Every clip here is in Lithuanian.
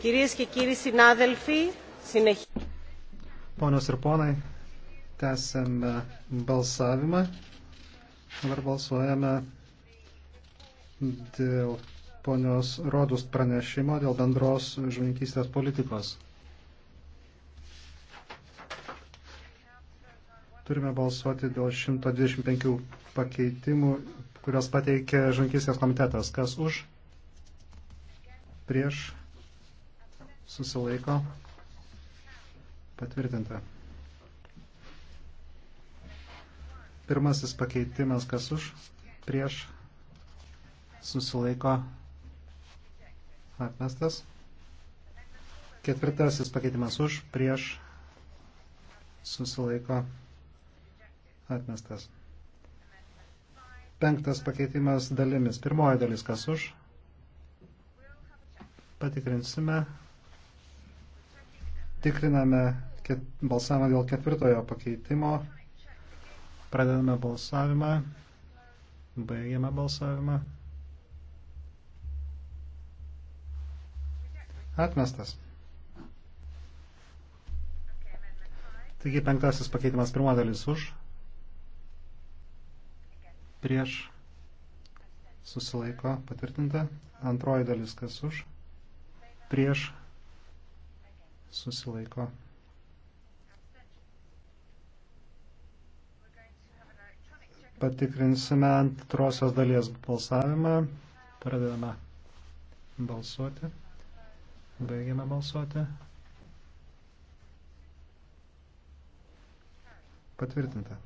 Κυρίες και κύριοι συνάδελφοι, συνεχίζουμε. Ponios ir ponai, tęsėme balsavimą. Dabar balsuojame dėl ponios Rodus pranešimo dėl bendros žuvininkystės politikos. Turime balsuoti dėl 125 pakeitimų, kurios pateikė žuvininkystės komitetas. Kas už? Prieš susilaiko, patvirtinta. Pirmasis pakeitimas, kas už, prieš, susilaiko, atmestas. Ketvirtasis pakeitimas už, prieš, susilaiko, atmestas. Penktas pakeitimas dalimis. Pirmoji dalis, kas už, patikrinsime, Tikriname balsavimą dėl ketvirtojo pakeitimo. Pradedame balsavimą. Baigiame balsavimą. Atmestas. Taigi penktasis pakeitimas pirmo dalis už. Prieš. Susilaiko patvirtinta. Antroji dalis kas už. Prieš susilaiko. Patikrinsime antrosios dalies balsavimą. Pradedame balsuoti. Baigiame balsuoti. Patvirtinta.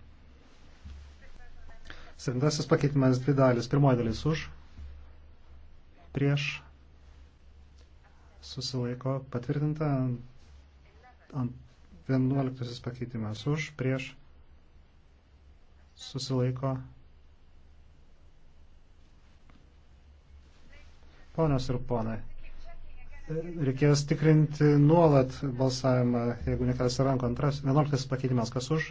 Septintasis pakeitimas dvi dalis. Pirmoji dalis už, prieš, susilaiko patvirtinta. 11 pakeitimas už, prieš, susilaiko. Ponios ir ponai, reikės tikrinti nuolat balsavimą, jeigu nekas ranko antras. 11 pakeitimas kas už?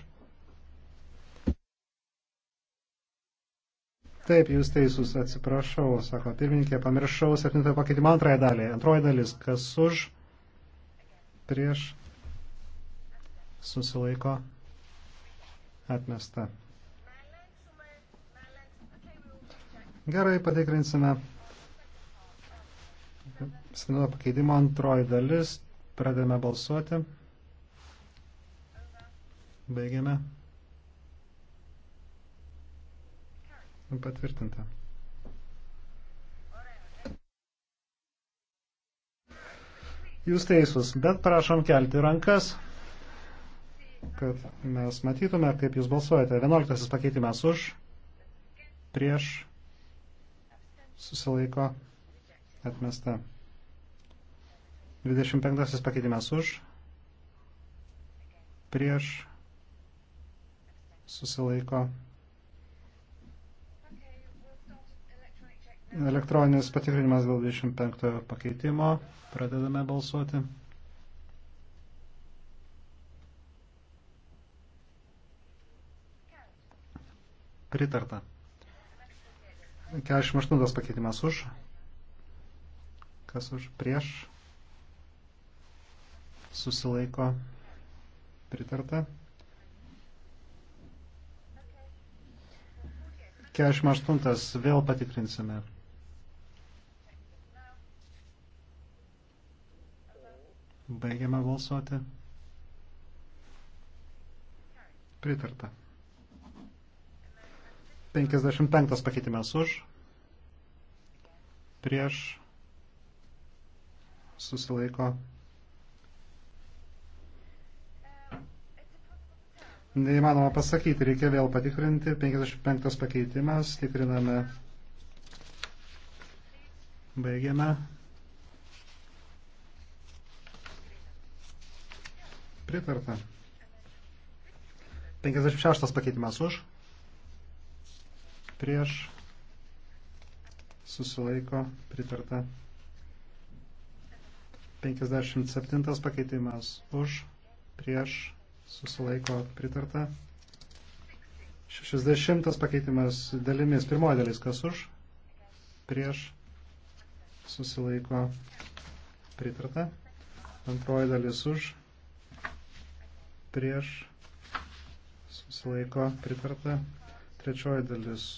Taip, jūs teisūs, atsiprašau, sako pirmininkė, pamiršau septintojo pakeitimo antrąją dalį. Antroji dalis, kas už, prieš, susilaiko atmesta. Gerai, patikrinsime sinodo pakeidimo antroji dalis. Pradėme balsuoti. Baigiame. Patvirtinta. Jūs teisus, bet prašom kelti rankas kad mes matytume, kaip jūs balsuojate. 11 pakeitimas už, prieš, susilaiko, atmesta. 25 pakeitimas už, prieš, susilaiko. Elektroninis patikrinimas dėl 25 pakeitimo. Pradedame balsuoti. Pritarta. 48 pakeitimas už. Kas už prieš? Susilaiko. Pritarta. 48 vėl patikrinsime. Baigiame balsuoti. Pritarta. 55 pakeitimas už, prieš, susilaiko. Neįmanoma pasakyti, reikia vėl patikrinti. 55 pakeitimas, tikriname. Baigiame. Pritarta. 56 pakeitimas už prieš, susilaiko, pritarta. 57 pakeitimas už, prieš, susilaiko, pritarta. 60 pakeitimas dalimis, pirmoji dalis, kas už, prieš, susilaiko, pritarta. Antroji dalis už, prieš, susilaiko, pritarta. Trečioji dalis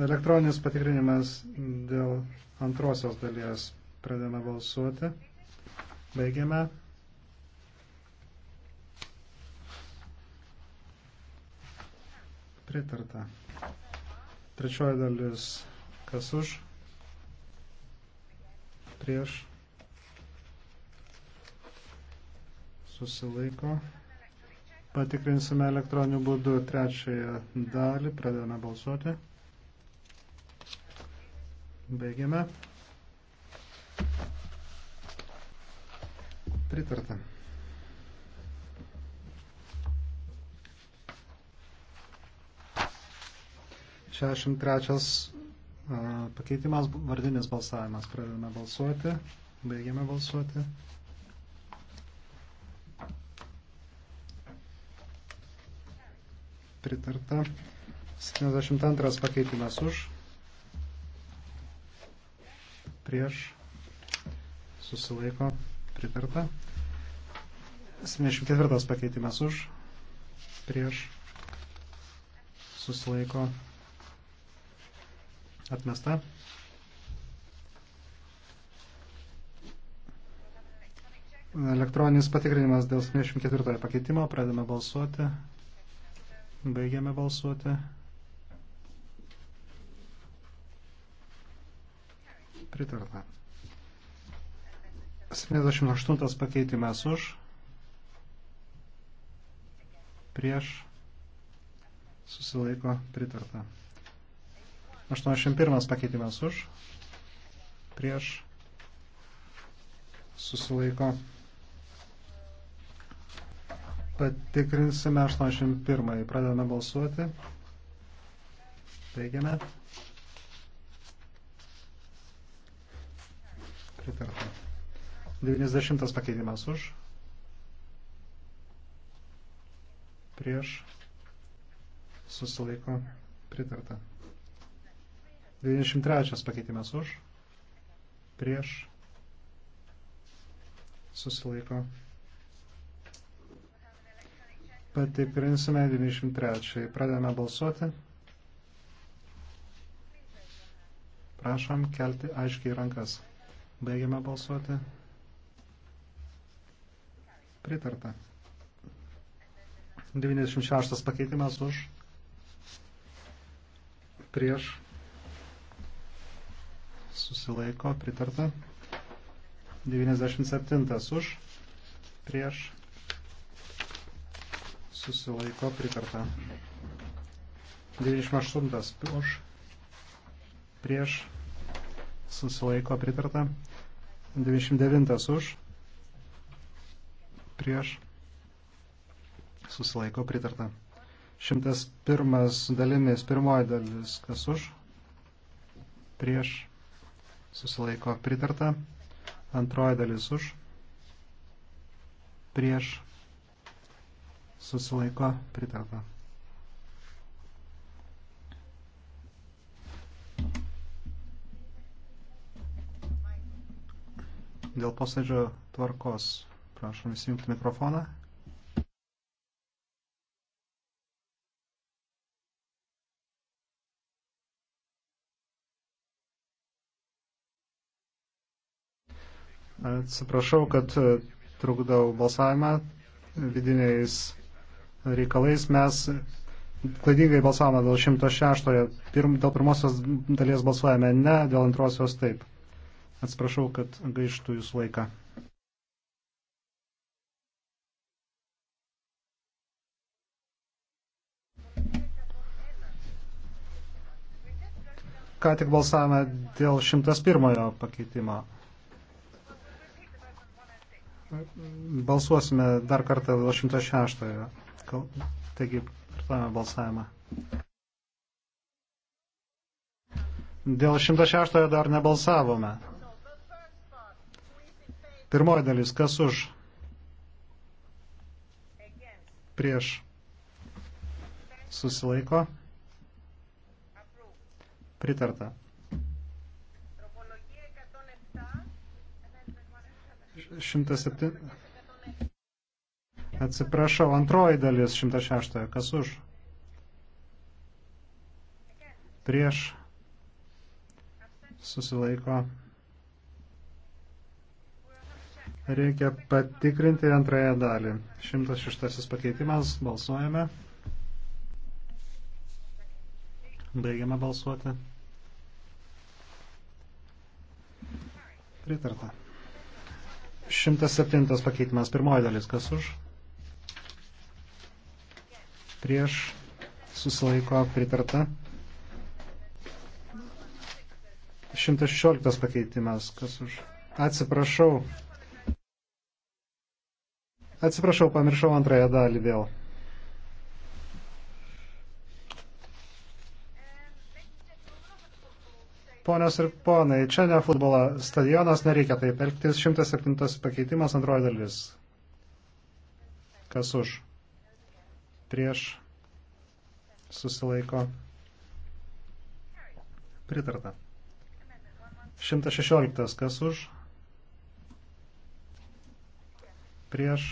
Elektroninis patikrinimas dėl antrosios dalies. Pradėme balsuoti. Baigiame. Pritarta. Trečioji dalis. Kas už? Prieš. Susilaiko. Patikrinsime elektroniniu būdu trečiąją dalį. Pradedame balsuoti. Baigiame. Pritarta. Šešim trečias pakeitimas vardinis balsavimas. Pradedame balsuoti. Baigiame balsuoti. Pritarta. 72 pakeitimas už prieš, susilaiko, pritarta. 74 pakeitimas už, prieš, susilaiko, atmesta. Elektroninis patikrinimas dėl 74 pakeitimo, pradame balsuoti, baigiame balsuoti. Pritarta. 78 pakeitimas už. Prieš. Susilaiko. Pritarta. 81 pakeitimas už. Prieš. Susilaiko. Patikrinsime 81. Pradedame balsuoti. Teigiame. Pritarta. 90 pakeitimas už. Prieš. Susilaiko. Pritarta. 93 pakeitimas už. Prieš. Susilaiko. Patikrinsime 93. Pradedame balsuoti. Prašom kelti aiškiai rankas. Baigiame balsuoti. Pritarta. 96 pakeitimas už. Prieš. Susilaiko. Pritarta. 97 už. Prieš. Susilaiko. Pritarta. 98 už. Prieš. Susilaiko. Pritarta. 99 už, prieš, susilaiko pritarta. 101 dalimis, pirmoji dalis, kas už, prieš, susilaiko pritarta. Antroji dalis už, prieš, susilaiko pritarta. dėl posėdžio tvarkos. Prašom įsijungti mikrofoną. Atsiprašau, kad e, trukdau balsavimą vidiniais reikalais. Mes klaidingai balsavome dėl 106, dėl pirmosios dalies balsuojame ne, dėl antrosios taip. Atsiprašau, kad gaištų jūsų laiką. Ką tik balsavome dėl 101 pakeitimo. Balsuosime dar kartą dėl 106. Taigi, kartuojame balsavimą. Dėl 106 dar nebalsavome. Pirmoji dalis, kas už? Prieš. Susilaiko. Pritarta. 107. Atsiprašau, antroji dalis 106. Kas už? Prieš. Susilaiko. Reikia patikrinti antrąją dalį. 106 pakeitimas. Balsuojame. Baigiame balsuoti. Pritarta. 107 pakeitimas. Pirmoji dalis. Kas už? Prieš. Susilaiko. Pritarta. 116 pakeitimas. Kas už? Atsiprašau. Atsiprašau, pamiršau antrąją dalį vėl. Ponios ir ponai, čia ne futbolo stadionas, nereikia taip elgtis. 107 pakeitimas, antroji dalis. Kas už? Prieš susilaiko. Pritarta. 116. Kas už? Prieš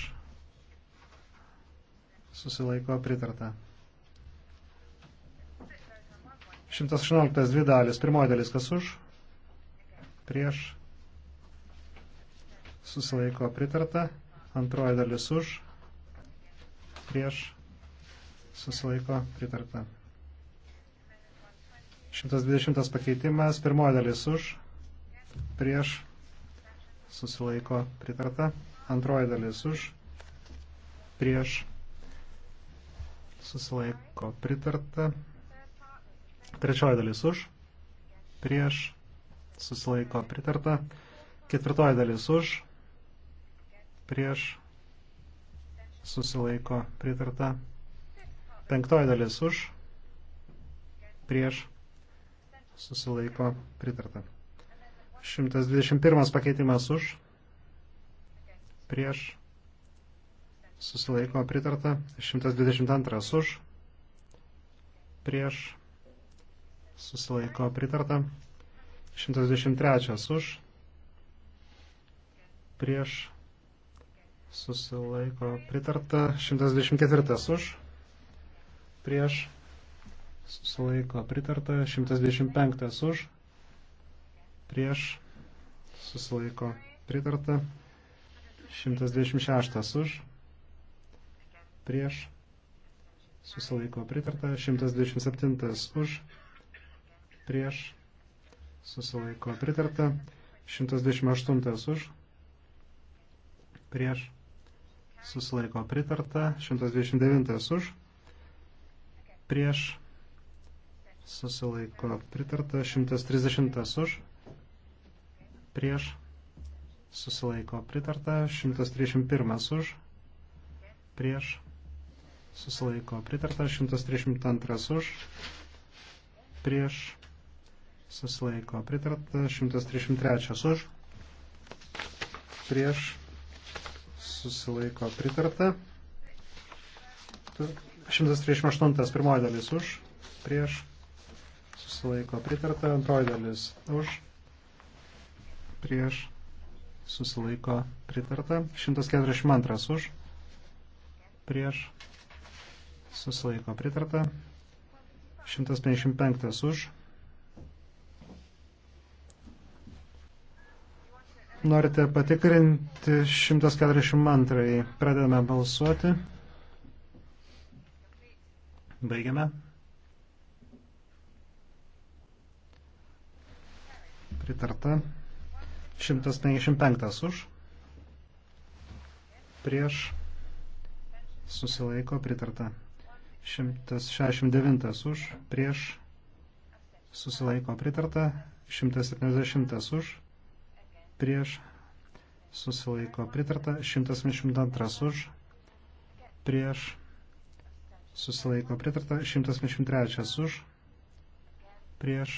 susilaiko pritarta. 118 dvi dalis. Pirmoji dalis kas už? Prieš. Susilaiko pritarta. Antroji dalis už. Prieš. Susilaiko pritarta. 120 pakeitimas. Pirmoji dalis už. Prieš. Susilaiko pritarta. Antroji dalis už. Prieš susilaiko pritarta. Trečioji dalis už, prieš, susilaiko pritarta. Ketvirtoji dalis už, prieš, susilaiko pritarta. Penktoji dalis už, prieš, susilaiko pritarta. 121 pakeitimas už, prieš, susilaiko pritarta, 122 už, prieš, susilaiko pritarta, 123 už, prieš, susilaiko pritarta, 124 už, prieš, susilaiko pritarta, 125 už, prieš, susilaiko pritarta, 126 už, prieš, susilaiko pritarta, 127 už, prieš, susilaiko pritarta, 128 už, prieš, susilaiko pritarta, 129 už, prieš, susilaiko pritarta, 130 už, prieš, susilaiko pritarta, 131 už, prieš, susilaiko pritarta, 132 už, prieš susilaiko pritarta, 133 už, prieš susilaiko pritarta, 138 pirmoji dalis už, prieš susilaiko pritarta, antroji dalis už, prieš susilaiko pritarta, 142 už, prieš susilaiko pritarta. 155 už. Norite patikrinti 142. Pradedame balsuoti. Baigiame. Pritarta. 155 už. Prieš. Susilaiko pritarta. 169 už, prieš susilaiko pritarta, 170 už, prieš susilaiko pritarta, 172 už, prieš susilaiko pritarta, 173 už, prieš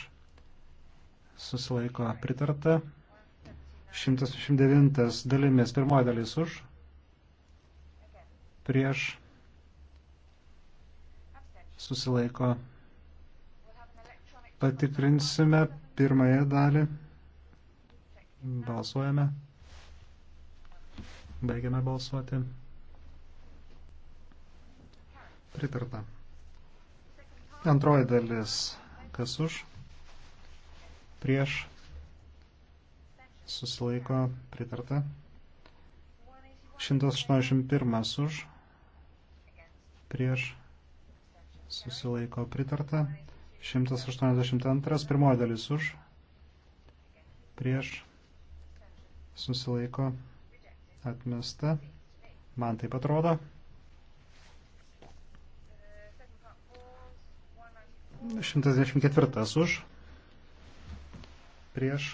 susilaiko pritarta, 179 dalimis, pirmoji dalis už, prieš susilaiko. Patikrinsime pirmąją dalį. Balsuojame. Baigiame balsuoti. Pritarta. Antroji dalis. Kas už? Prieš. Susilaiko. Pritarta. 181 už. Prieš susilaiko pritarta. 182 pirmoji dalis už, prieš, susilaiko atmesta. Man taip atrodo. Šimtas dešimt ketvirtas už, prieš,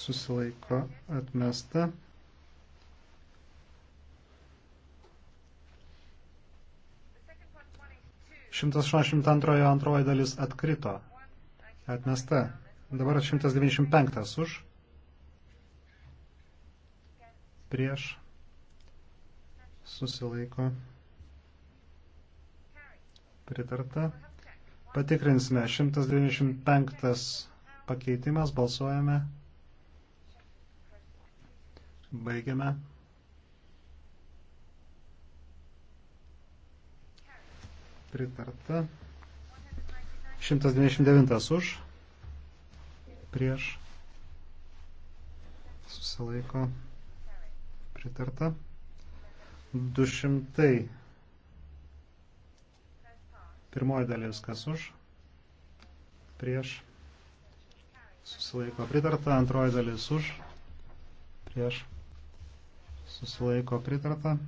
susilaiko atmesta. 182 antroji dalis atkrito. Atmesta. Dabar 195 už. Prieš. Susilaiko. Pritarta. Patikrinsime. 195 pakeitimas. Balsuojame. Baigiame. pritarta. 129 už, prieš, susilaiko, pritarta. 200, pirmoji dalis, kas už, prieš, susilaiko, pritarta. Antroji dalis už, prieš, susilaiko, pritarta.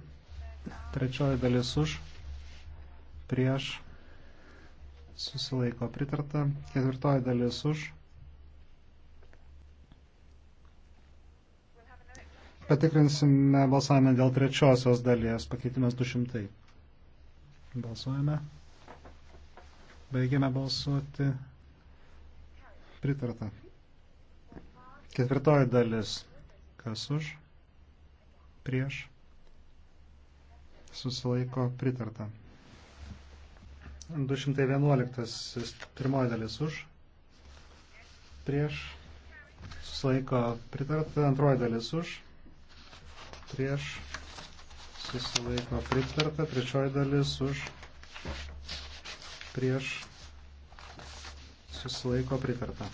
Trečioji dalis už, prieš prieš, susilaiko pritarta, ketvirtoji dalis už. Patikrinsime balsavimą dėl trečiosios dalies, pakeitimas 200. Balsuojame. Baigiame balsuoti. Pritarta. Ketvirtoji dalis. Kas už? Prieš. Susilaiko pritarta. 211. Pirmoji dalis už. Prieš. Susilaiko pritarta. Antroji dalis už. Prieš. Susilaiko pritarta. Trečioji dalis už. Prieš. Susilaiko pritarta.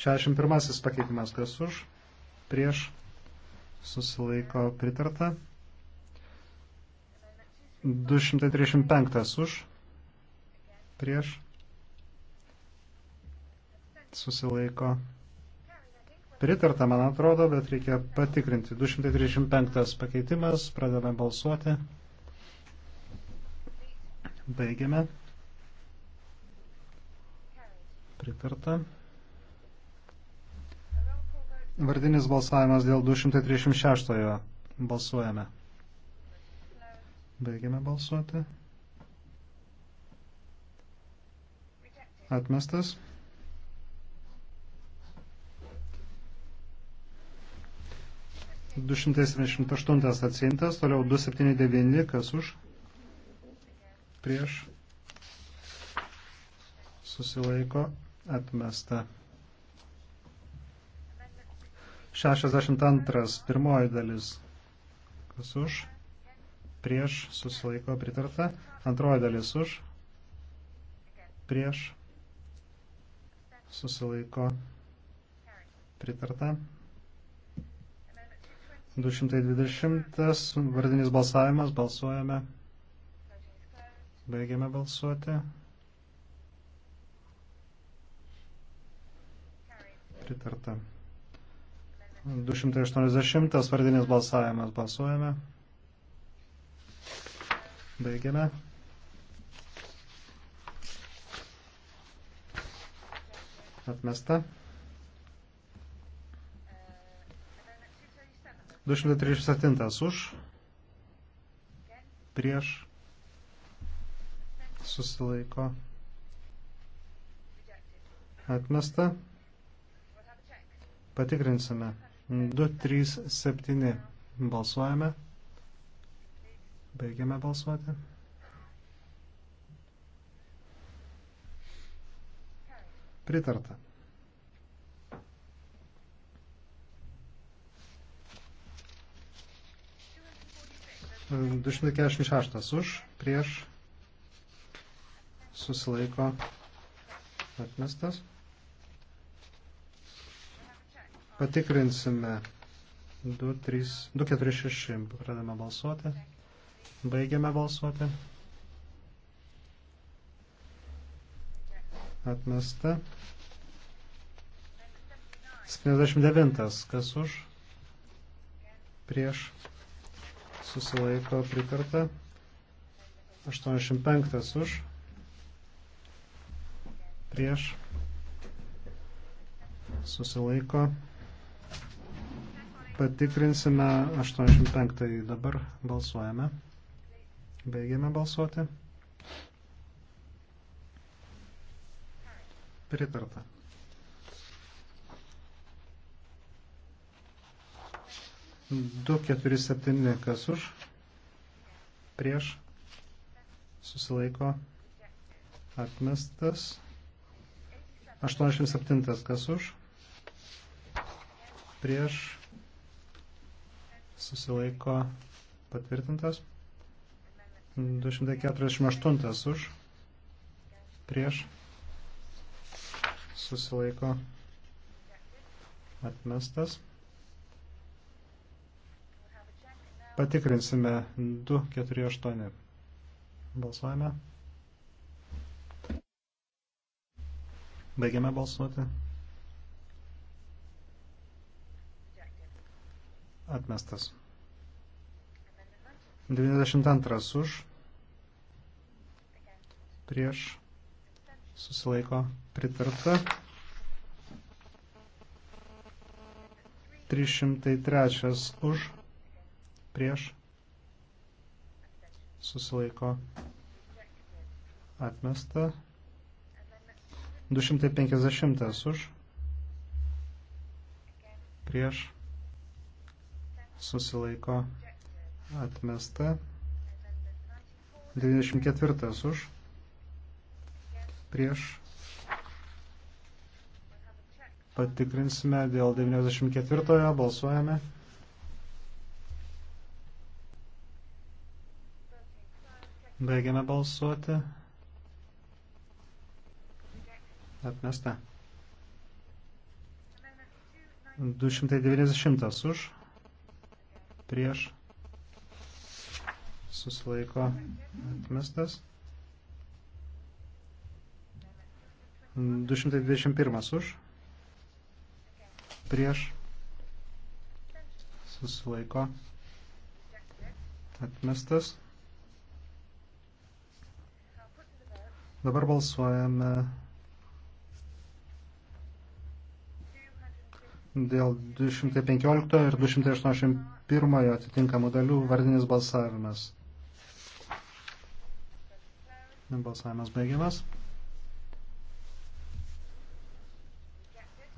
Šešim pirmasis pakeitimas, kas už? prieš susilaiko pritarta. 235 už prieš susilaiko pritarta, man atrodo, bet reikia patikrinti. 235 pakeitimas, pradedame balsuoti. Baigiame. Pritarta. Vardinis balsavimas dėl 236-ojo. Balsuojame. Baigiame balsuoti. Atmestas. Du šimtai septyniasdešimt aštuntas atsiimtas, toliau du septyni devyni, kas už, prieš, susilaiko, atmesta. 62. Pirmoji dalis. Kas už? Prieš susilaiko pritarta. Antroji dalis už. Prieš susilaiko pritarta. 220 vardinis balsavimas, balsuojame. Baigiame balsuoti. Pritarta. 280 vardinis balsavimas. Balsuojame. Baigiame. Atmesta. 237 už. Prieš. Susilaiko. Atmesta. Patikrinsime. 237. Balsuojame. Baigiame balsuoti. Pritarta. Du šimtai keturiasdešimt šeštas už, prieš, susilaiko atmestas. Patikrinsime 246. Pradame balsuoti. Baigiame balsuoti. Atmesta. 79. Kas už? Prieš. Susilaiko pritarta. 85. Už. Prieš. Susilaiko pritarta Patikrinsime 85. Dabar balsuojame. Baigiame balsuoti. Pritarta. Du, keturi, septyni, kas už, prieš, susilaiko, atmestas, 87, kas už, prieš, susilaiko patvirtintas. 248 už, prieš, susilaiko atmestas. Patikrinsime 248. Balsuojame. Baigiame balsuoti. Atmestas. 92 už. Prieš. Susilaiko. Pritarta. 303 už. Prieš. Susilaiko. Atmesta. 250 už. Prieš susilaiko atmesta. 94 už prieš patikrinsime dėl 94 balsuojame baigiame balsuoti atmesta 290 už prieš susilaiko atmestas. 221 už prieš susilaiko atmestas. Dabar balsuojame dėl 215 ir 281 pirmojo atitinkamų dalių vardinis balsavimas. Balsavimas baigiamas.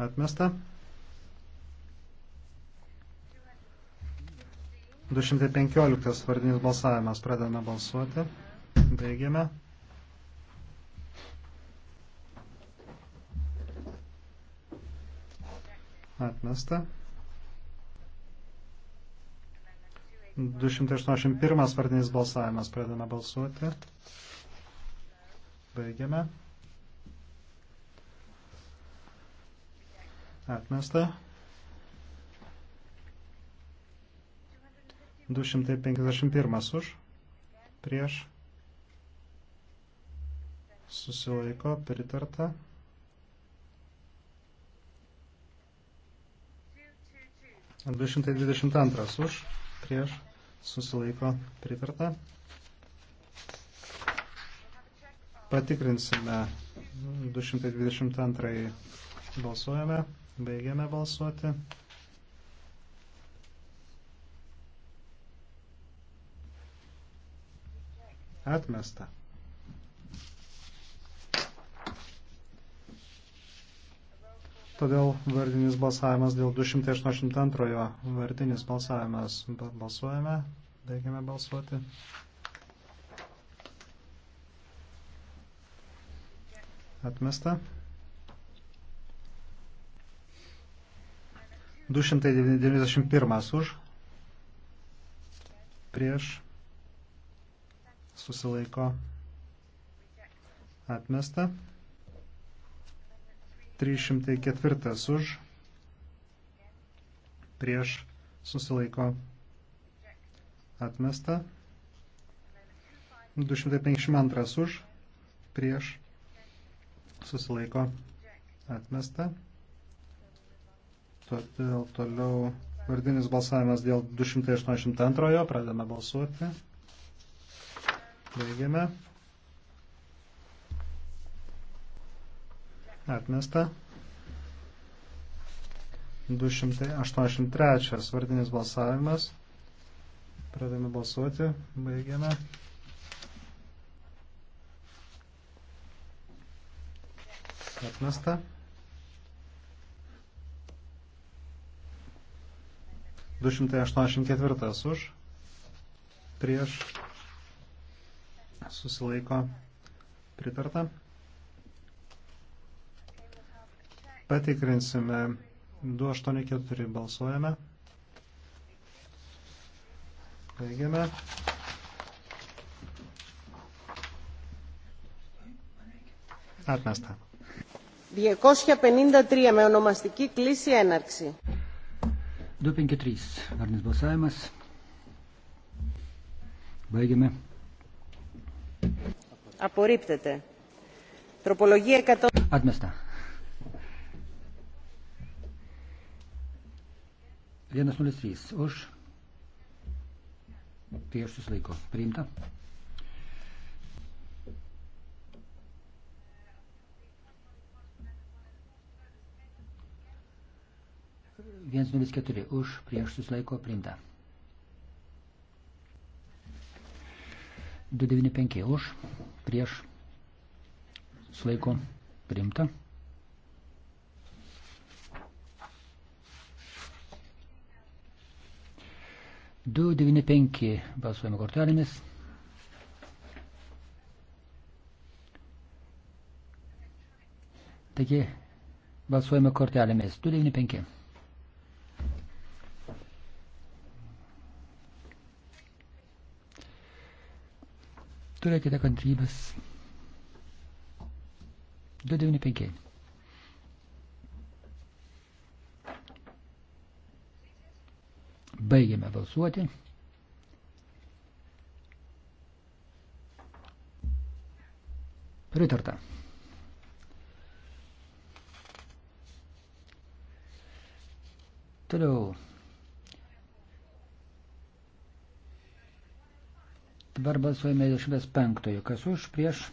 Atmesta. 215 vardinis balsavimas. Pradedame balsuoti. Baigiame. Atmesta. 281 vardinis balsavimas. Pradame balsuoti. Baigiame. Atmesta. 251 už. Prieš. Susilaiko. Pritarta. 222 už prieš susilaiko pritarta. Patikrinsime 222 balsuojame, baigiame balsuoti. Atmesta. Todėl vardinis balsavimas dėl 282 vardinis balsavimas. Balsuojame, baigiame balsuoti. Atmesta. 291 už. Prieš. Susilaiko. Atmesta. 304 už, prieš susilaiko atmesta, 252 už, prieš susilaiko atmesta. Todėl toliau vardinis balsavimas dėl 282, pradame balsuoti. Baigiame. Atmesta. 283 vardinis balsavimas. Pradame balsuoti. Baigiame. Atmesta. 284 už. Prieš. Susilaiko. Pritarta. Patikrinsime 284 balsuojame. Baigiame. Atmesta. 253 με ονομαστική κλίση έναρξη. 253. Varnis balsavimas. Baigiame. Απορρίπτεται. Τροπολογία 100. Atmesta. 103 už. Prieš susilaiko. Priimta. Vienas nulis keturi už prieš susilaiko priimta. 295 už prieš susilaiko priimta. 295 balsuojame kortelėmis. Taigi balsuojame kortelėmis. 295. Turėkite kantrybės. 295. Baigiame balsuoti. Pritarta. Toliau. Dabar balsuojame dėl šimtas penktojo. Kas už, prieš,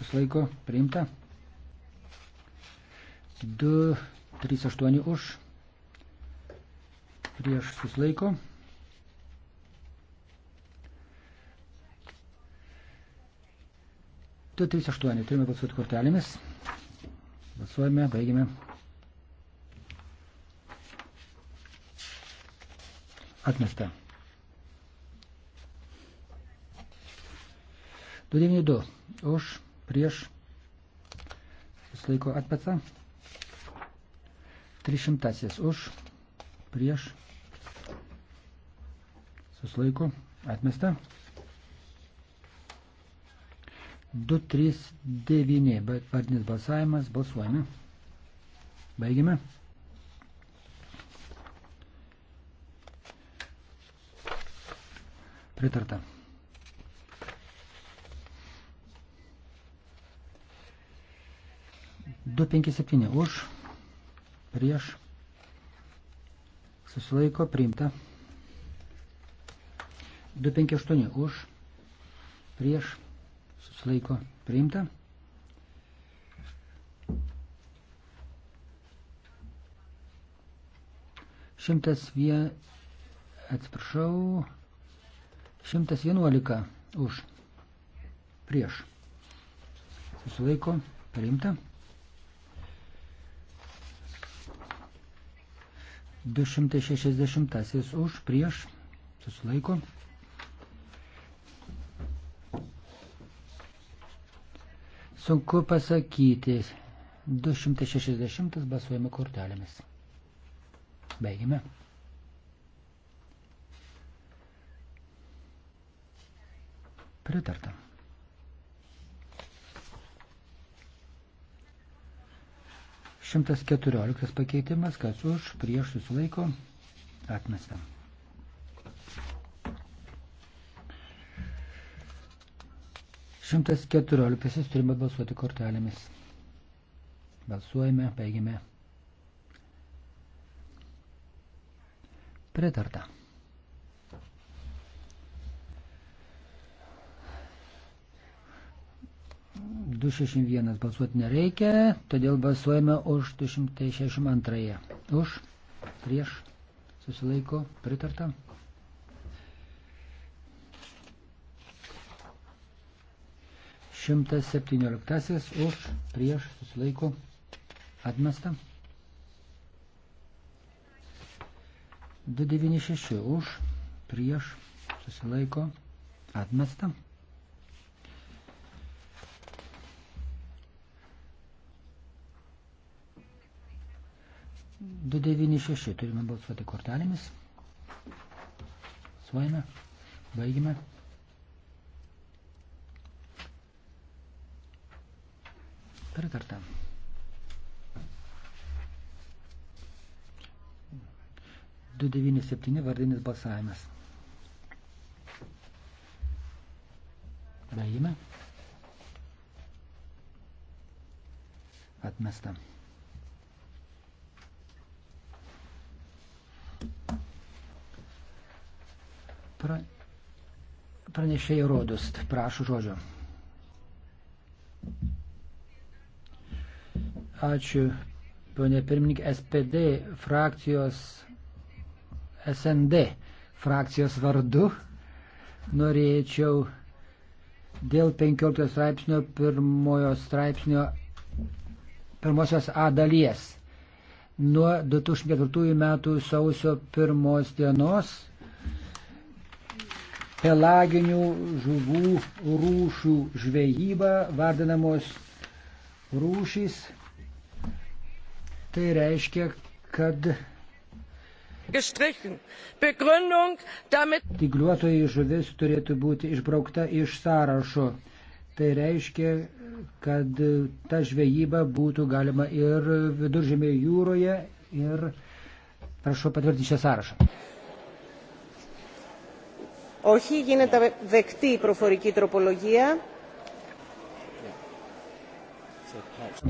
susilaiko, priimta. 2, 3, 8 už, prieš susilaiko. Tu 38, turime balsuoti kortelėmis. Balsuojame, baigiame. Atmesta. 292 už, prieš, susilaiko atpeta. 300 už, prieš, susilaiko, atmesta. 2, 3, 9, vardinis balsavimas, balsuojame. Baigime. Pritarta. Du penki septyni už, prieš, susilaiko, priimta. 258 už, prieš, susilaiko, priimta. Šimtas vien, atsiprašau, šimtas vienuolika už, prieš, susilaiko, priimta. 260 už, prieš, susilaiko, priimta. Sunku pasakyti. 260 balsuojame kortelėmis. Baigime. Pritarta. Šimtas keturioliktas pakeitimas, kas už, prieš susilaiko, atmestam. 114 turime balsuoti kortelėmis. Balsuojame, baigime. Pritarta. Du šešim vienas balsuoti nereikia, todėl balsuojame už 262. Už, prieš, susilaiko, pritarta. 117 už prieš susilaiko atmesta. 296 už prieš susilaiko atmesta. Du devyni šeši turime balsuoti kortelėmis. Suojame, baigime. Pritarta. Du devyni septyni vardinis balsavimas. Baigime. Atmesta. Pra, pranešėjai rodus, prašau žodžio. Ačiū, ponė pirmininkė, SPD frakcijos, SND frakcijos vardu. Norėčiau dėl 15 straipsnio pirmojo straipsnio pirmosios A dalies. Nuo 2004 metų sausio pirmos dienos pelaginių žuvų rūšių žvejyba vardinamos rūšys Tai reiškia, kad Tigliuotoji žuvis turėtų būti išbraukta iš sąrašo. Tai reiškia, kad ta žvejyba būtų galima ir viduržėmė jūroje ir prašau patvirtinti šią sąrašą. Όχι, γίνεται δεκτή η προφορική τροπολογία.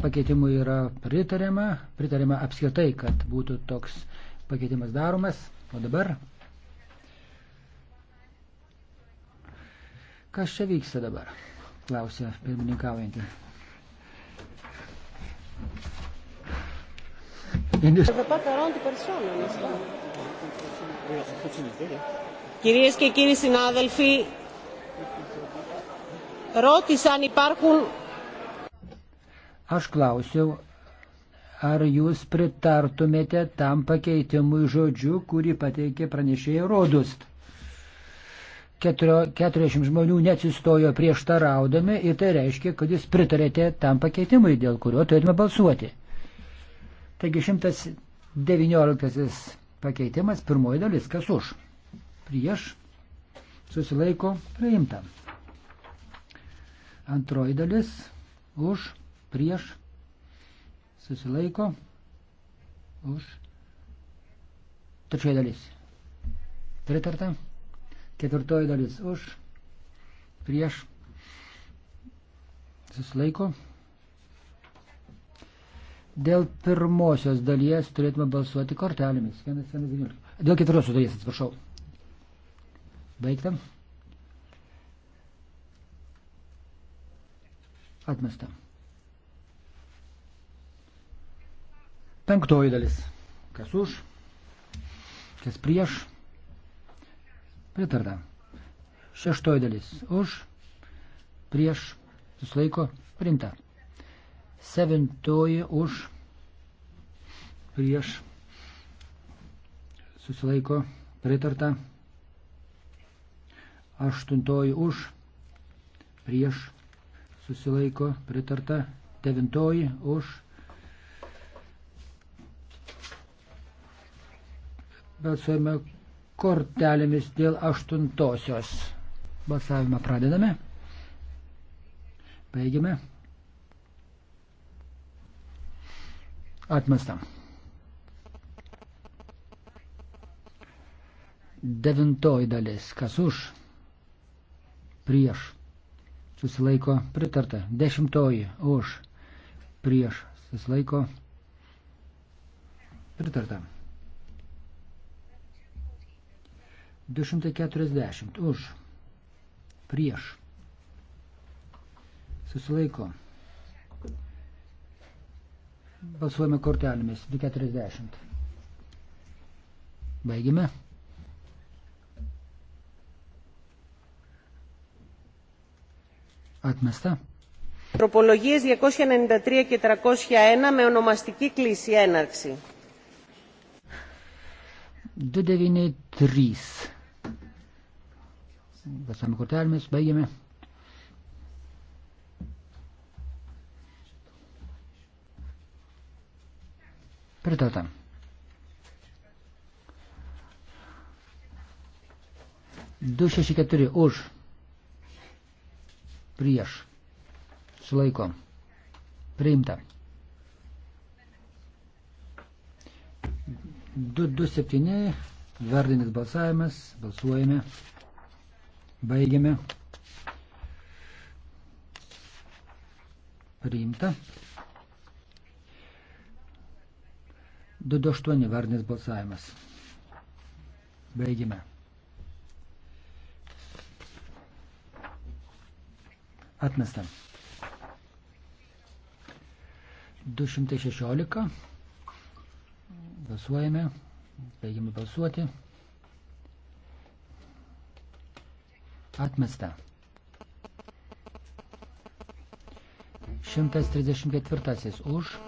Pakeitimui yra pritariama, pritariama apskritai, kad būtų toks pakeitimas daromas. O dabar? Kas čia vyksta dabar? Klausia pirmininkaujantį. Κυρίες και κύριοι συνάδελφοι, ρώτησαν υπάρχουν Aš klausiau, ar jūs pritartumėte tam pakeitimui žodžiu, kurį pateikė pranešėjai Rodust. 40 žmonių neatsistojo prieštaraudami ir tai reiškia, kad jūs pritarėte tam pakeitimui, dėl kurio turėtume balsuoti. Taigi 119 pakeitimas, pirmoji dalis, kas už? Prieš susilaiko priimta. Antroji dalis už prieš, susilaiko, už, trečioji dalis, pritarta, ketvirtoji dalis, už, prieš, susilaiko. Dėl pirmosios dalies turėtume balsuoti kortelėmis. 1, 1, 19. Dėl ketvirtosios dalies, atsiprašau. Baigtam. Atmestam. Penktoji dalis. Kas už, kas prieš. Pritarta. Šeštoji dalis. Už, prieš, susilaiko, priimta. Sevintoji už, prieš, susilaiko, pritarta. Aštuntoji už, prieš, susilaiko, pritarta. Devintoji už, Balsuojame kortelėmis dėl aštuntosios. Balsavimą pradedame. Baigiame. Atmestam. Devintoji dalis. Kas už? Prieš. Susilaiko pritarta. Dešimtoji. Už. Prieš. Susilaiko pritarta. 240 už, prieš, susilaiko. Balsuojame kortelėmis 240. Baigime. Atmesta. Τροπολογίες 293 και 301 με ονομαστική κλίση έναρξη. 293 Balsavimo kortelėmis baigiame. Pritarta. Du šeši keturi už. Prieš. Sulaiko. Priimta. 227 vardinis balsavimas, balsuojame. Baigiame. Priimta. 228 vardinis balsavimas. Baigime. Atmestam. 216. Balsuojame. Baigiame balsuoti. Atmesta. 134 už,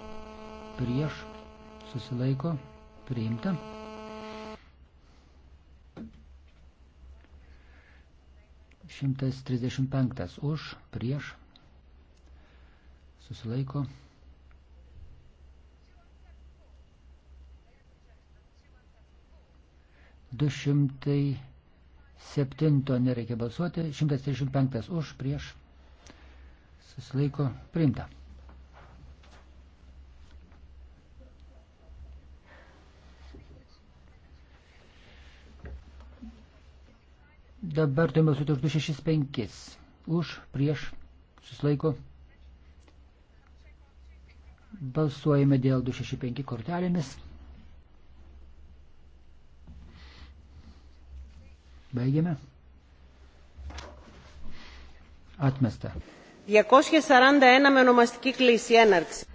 prieš, susilaiko, priimta. Šimtas trisdešimt penktas už, prieš, susilaiko. Du šimtai Septinto nereikia balsuoti. 135 už, prieš. Susilaiko priimta. Dabar turime balsuoti už 265. Už, prieš, susilaiko. Balsuojame dėl 265 kortelėmis. Baigiame. Atmesta. 241 με ονομαστική κλίση έναρξη.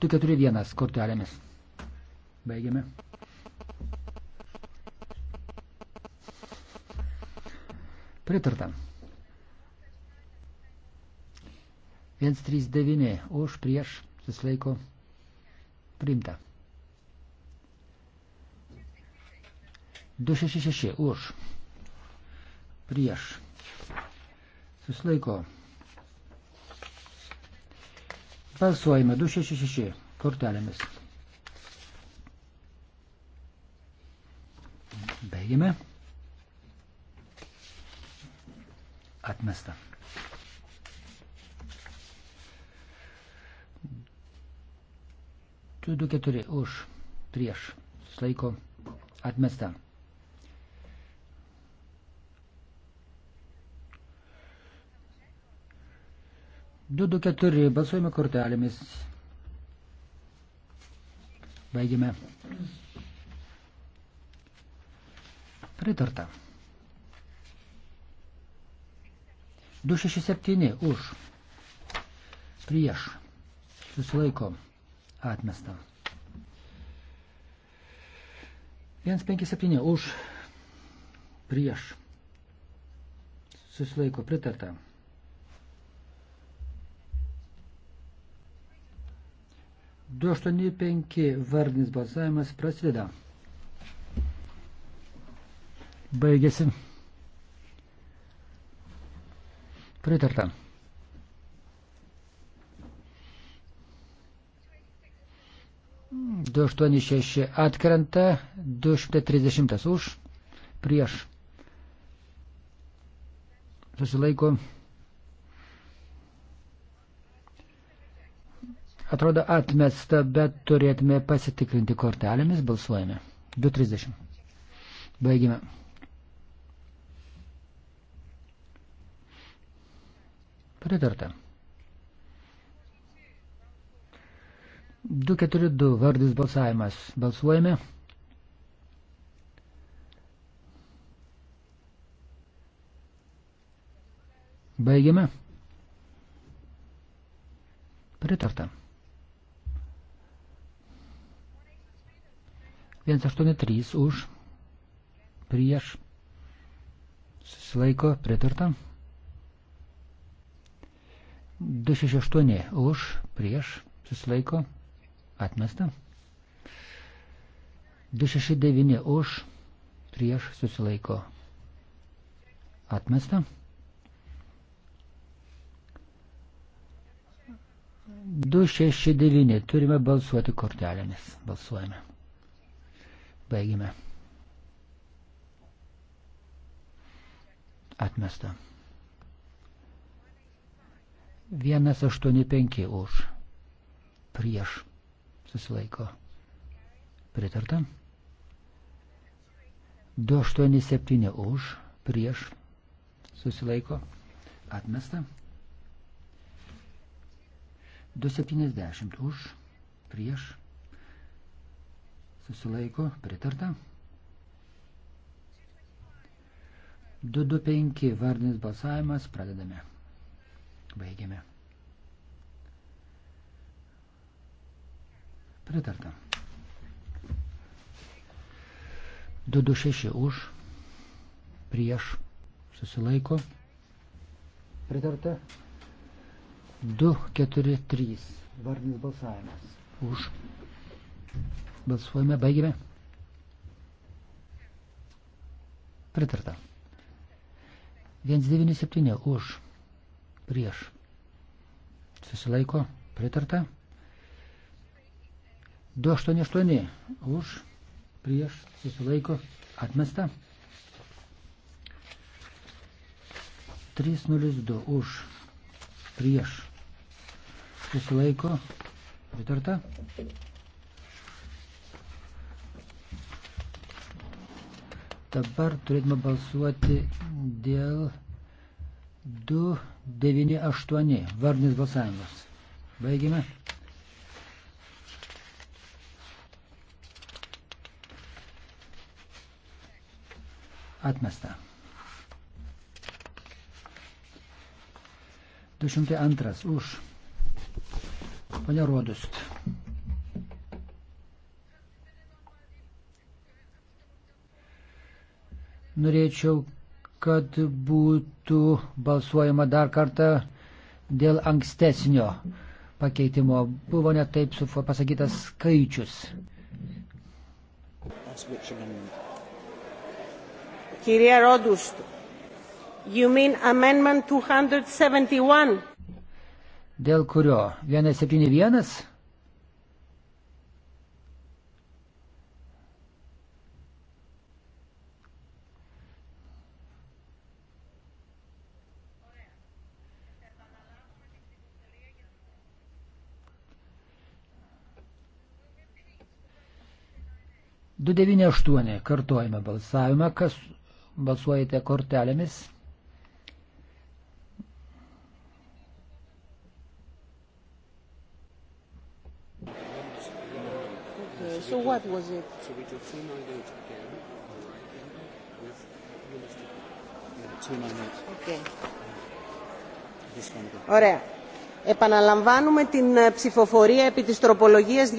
Tu 4-1 kortelėmis. Baigiame. Pritarta. 139 už prieš susilaiko priimta. 266 už. Prieš. Susilaiko. Balsuojame 266 kortelėmis. Baigime. Atmesta. Tu du keturi už prieš. Susilaiko. Atmesta. 224 balsuojame kortelėmis. Baigime. Pritarta. 267 už. Prieš. Susilaiko. Atmesta. 157 už. Prieš. Susilaiko. Pritarta. 285 vardinis balsavimas prasideda. Baigėsi. Pritarta. Du aštuoni šeši atkrenta, du šimtai trisdešimtas už, prieš. Susilaiko. Atrodo atmesta, bet turėtume pasitikrinti kortelėmis. Balsuojame. 2.30. Baigime. Pritarta. 242 vardys balsavimas. Balsuojame. Baigiame. Pritarta. 183 už, prieš, susilaiko, pritarta. 268 už, prieš, susilaiko, atmesta. 269 už, prieš, susilaiko, atmesta. 269 turime balsuoti kortelėmis. Balsuojame. Baigime. Atmesta. 185 už. Prieš. Susilaiko. Pritarta. 287 už. Prieš. Susilaiko. Atmesta. 270 už. Prieš susilaiko, pritarta. 225 vardinis balsavimas, pradedame. Baigiame. Pritarta. 226 už, prieš, susilaiko. Pritarta. 243 vardinis balsavimas. Už, Balsuojame, baigime. Pritarta. 197 už, prieš. Susilaiko, pritarta. 288 už, prieš, susilaiko, atmesta. 302 už, prieš, susilaiko, pritarta. Dabar turėtume balsuoti dėl 298 vardinis balsavimas. Baigime. Atmesta. 202 už. Pane Rodust. Norėčiau, kad būtų balsuojama dar kartą dėl ankstesnio pakeitimo. Buvo netaip pasakytas skaičius. Κυρία Ρόντουστ, you mean amendment 271? Dėl kurio? 171? 298 kartuojame balsavimą, kas balsuojate kortelėmis. Okay, so what was it? So we did 398 again with yeah, 298. Okay. This one. Ωραία επαναλαμβάνουμε την ψηφοφορία επί της τροπολογίας 298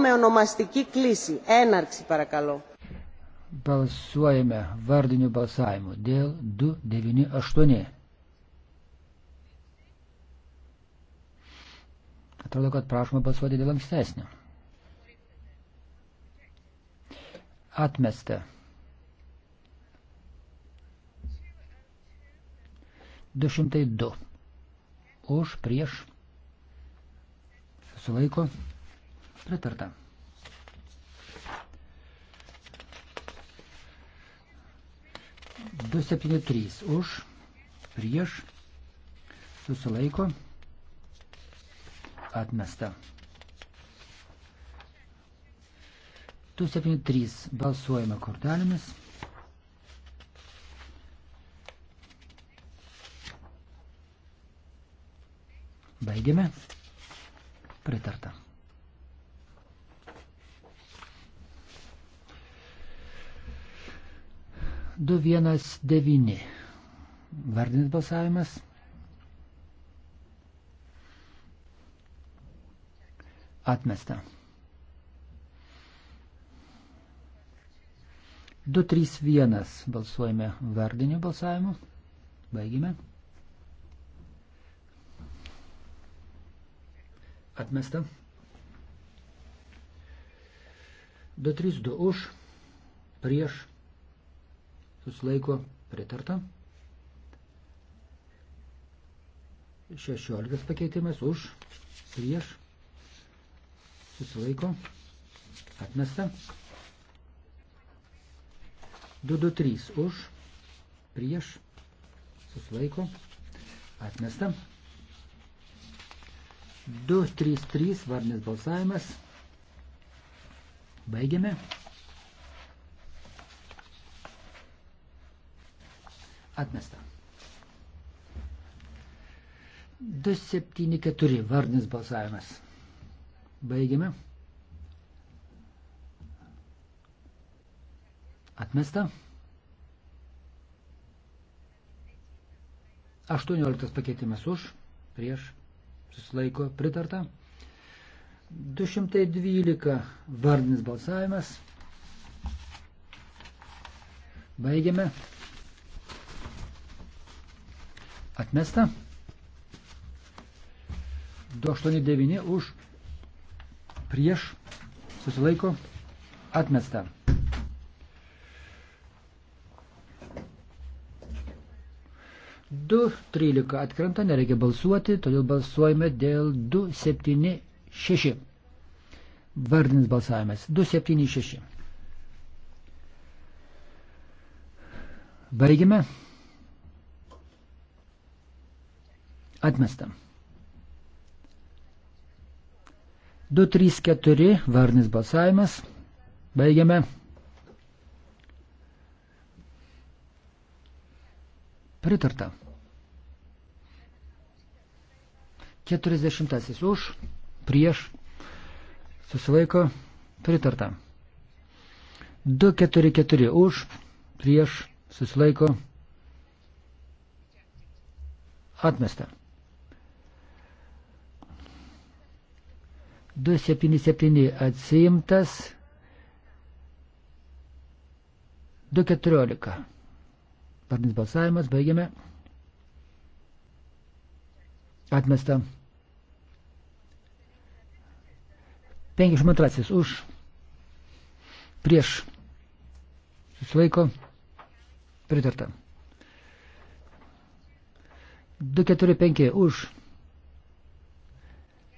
με ονομαστική κλίση. Έναρξη παρακαλώ. Balsuojame vardiniu balsavimu dėl 298. Atrodo, kad prašoma balsuoti dėl ankstesnio. Atmesta. 202 už, prieš, susilaiko, pritarta. Du septyni trys už, prieš, susilaiko, atmesta. 273 balsuojame kortelėmis. Baigėme. Pritarta. Du vienas devyni. Vardinis balsavimas. Atmesta. 231 balsuojame vardiniu balsavimu. Baigime. Atmesta. 232 už, prieš, susilaiko pritarta. 16 pakeitimas už, prieš, susilaiko atmesta. 223 už, prieš, susilaiko atmesta. 233 varnis balsavimas. Baigiame. Atmesta. 274 varnis balsavimas. Baigiame. Atmesta. 18 pakeitimas už, prieš, susilaiko pritarta. 212 vardinis balsavimas. Baigiame. Atmesta. 289 už prieš susilaiko atmesta. 2, 13 atkrenta, nereikia balsuoti, todėl balsuojame dėl 2, 7, 6. Vardinis balsavimas 2, 7, 6. Baigime. Atmestam. 2, 3, 4, varnis balsavimas. Baigiame. Pritarta. Keturiasdešimtasis už, prieš, susilaiko, pritarta. 244 už, prieš, susilaiko, atmesta. 277 atsiimtas, 214. Partinis balsavimas, baigiame. Atmesta. 52 už. Prieš. Susilaiko. Pritarta. 245 už.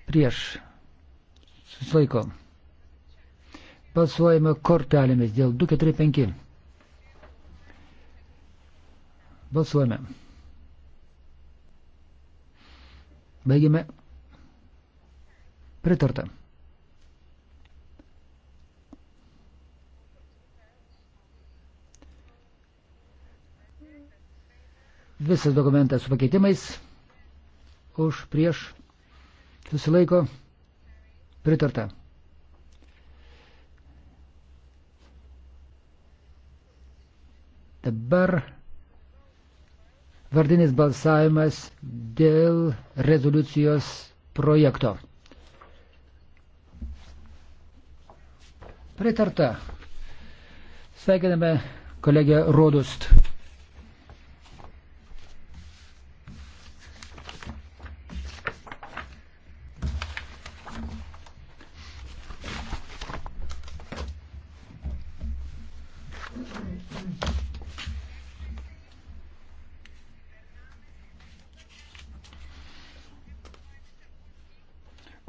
Prieš. Susilaiko. Balsuojame kortelėmis dėl 245. Balsuojame. Baigiame. Pritarta. Visas dokumentas su pakeitimais už prieš susilaiko pritarta. Dabar vardinis balsavimas dėl rezoliucijos projekto. Pritarta. Sveikiname kolegę Rodust.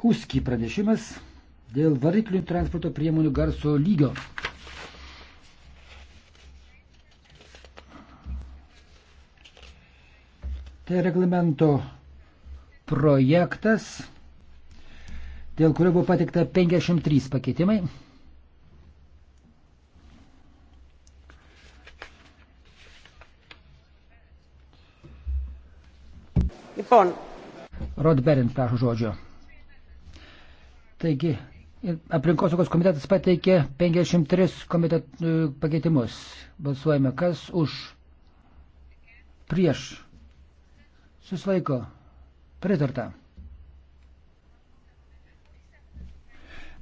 Uski pranešimas dėl variklių transporto priemonių garso lygio. Tai reglamento projektas, dėl kurio buvo patikta 53 pakeitimai. Λοιπόν. Ροτ Μπέρεντ, πράσινο ζώδιο. Taigi, aplinkosaugos komitetas pateikė 53 komitet, e, pakeitimus. Balsuojame, kas už, prieš, susilaiko, pritarta.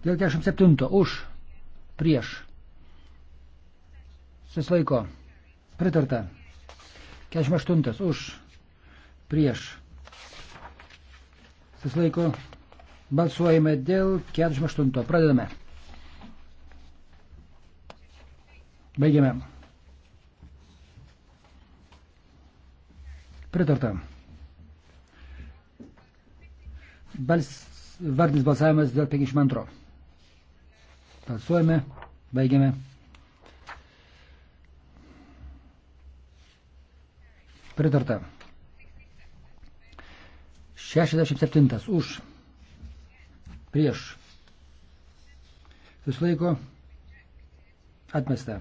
Dėl 47 už, prieš, susilaiko, pritarta. 48 už, prieš, susilaiko, pritarta Balsuojame dėl 48. Pradedame. Baigiame. Pritarta. Bals, vardinis balsavimas dėl 52. Balsuojame. Baigiame. Pritarta. 67. Už prieš susilaiko atmesta.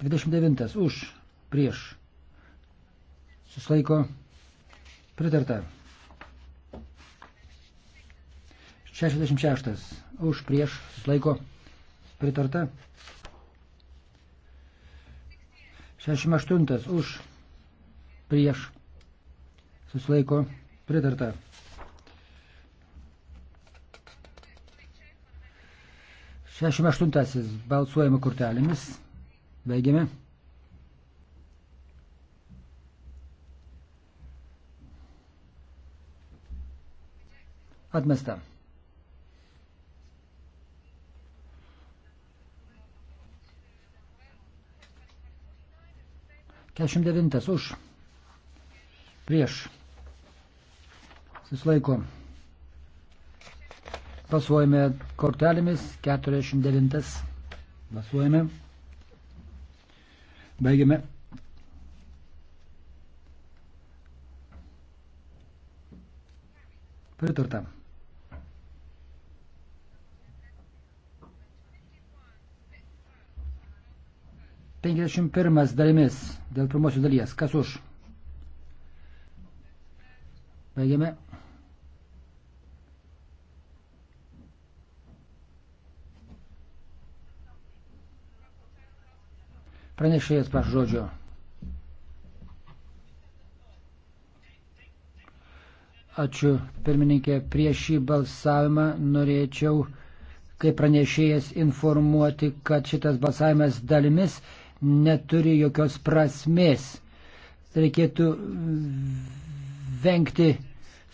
29 už prieš susilaiko pritarta. 66 už prieš susilaiko pritarta. 68 už prieš susilaiko pritarta. 68. Balsuojame kortelėmis. Baigiame. Atmesta. Kešim devintas už. Prieš. Susilaiko. Pasuojame kortelėmis 49. Pasuojame. Baigiame. Pritarta. Penkiasdešimt pirmas dalimis dėl pirmosios dalies. Kas už? Baigiame. Pranešėjas prašo žodžio. Ačiū, pirmininkė. Prieš šį balsavimą norėčiau, kaip pranešėjas, informuoti, kad šitas balsavimas dalimis neturi jokios prasmės. Reikėtų vengti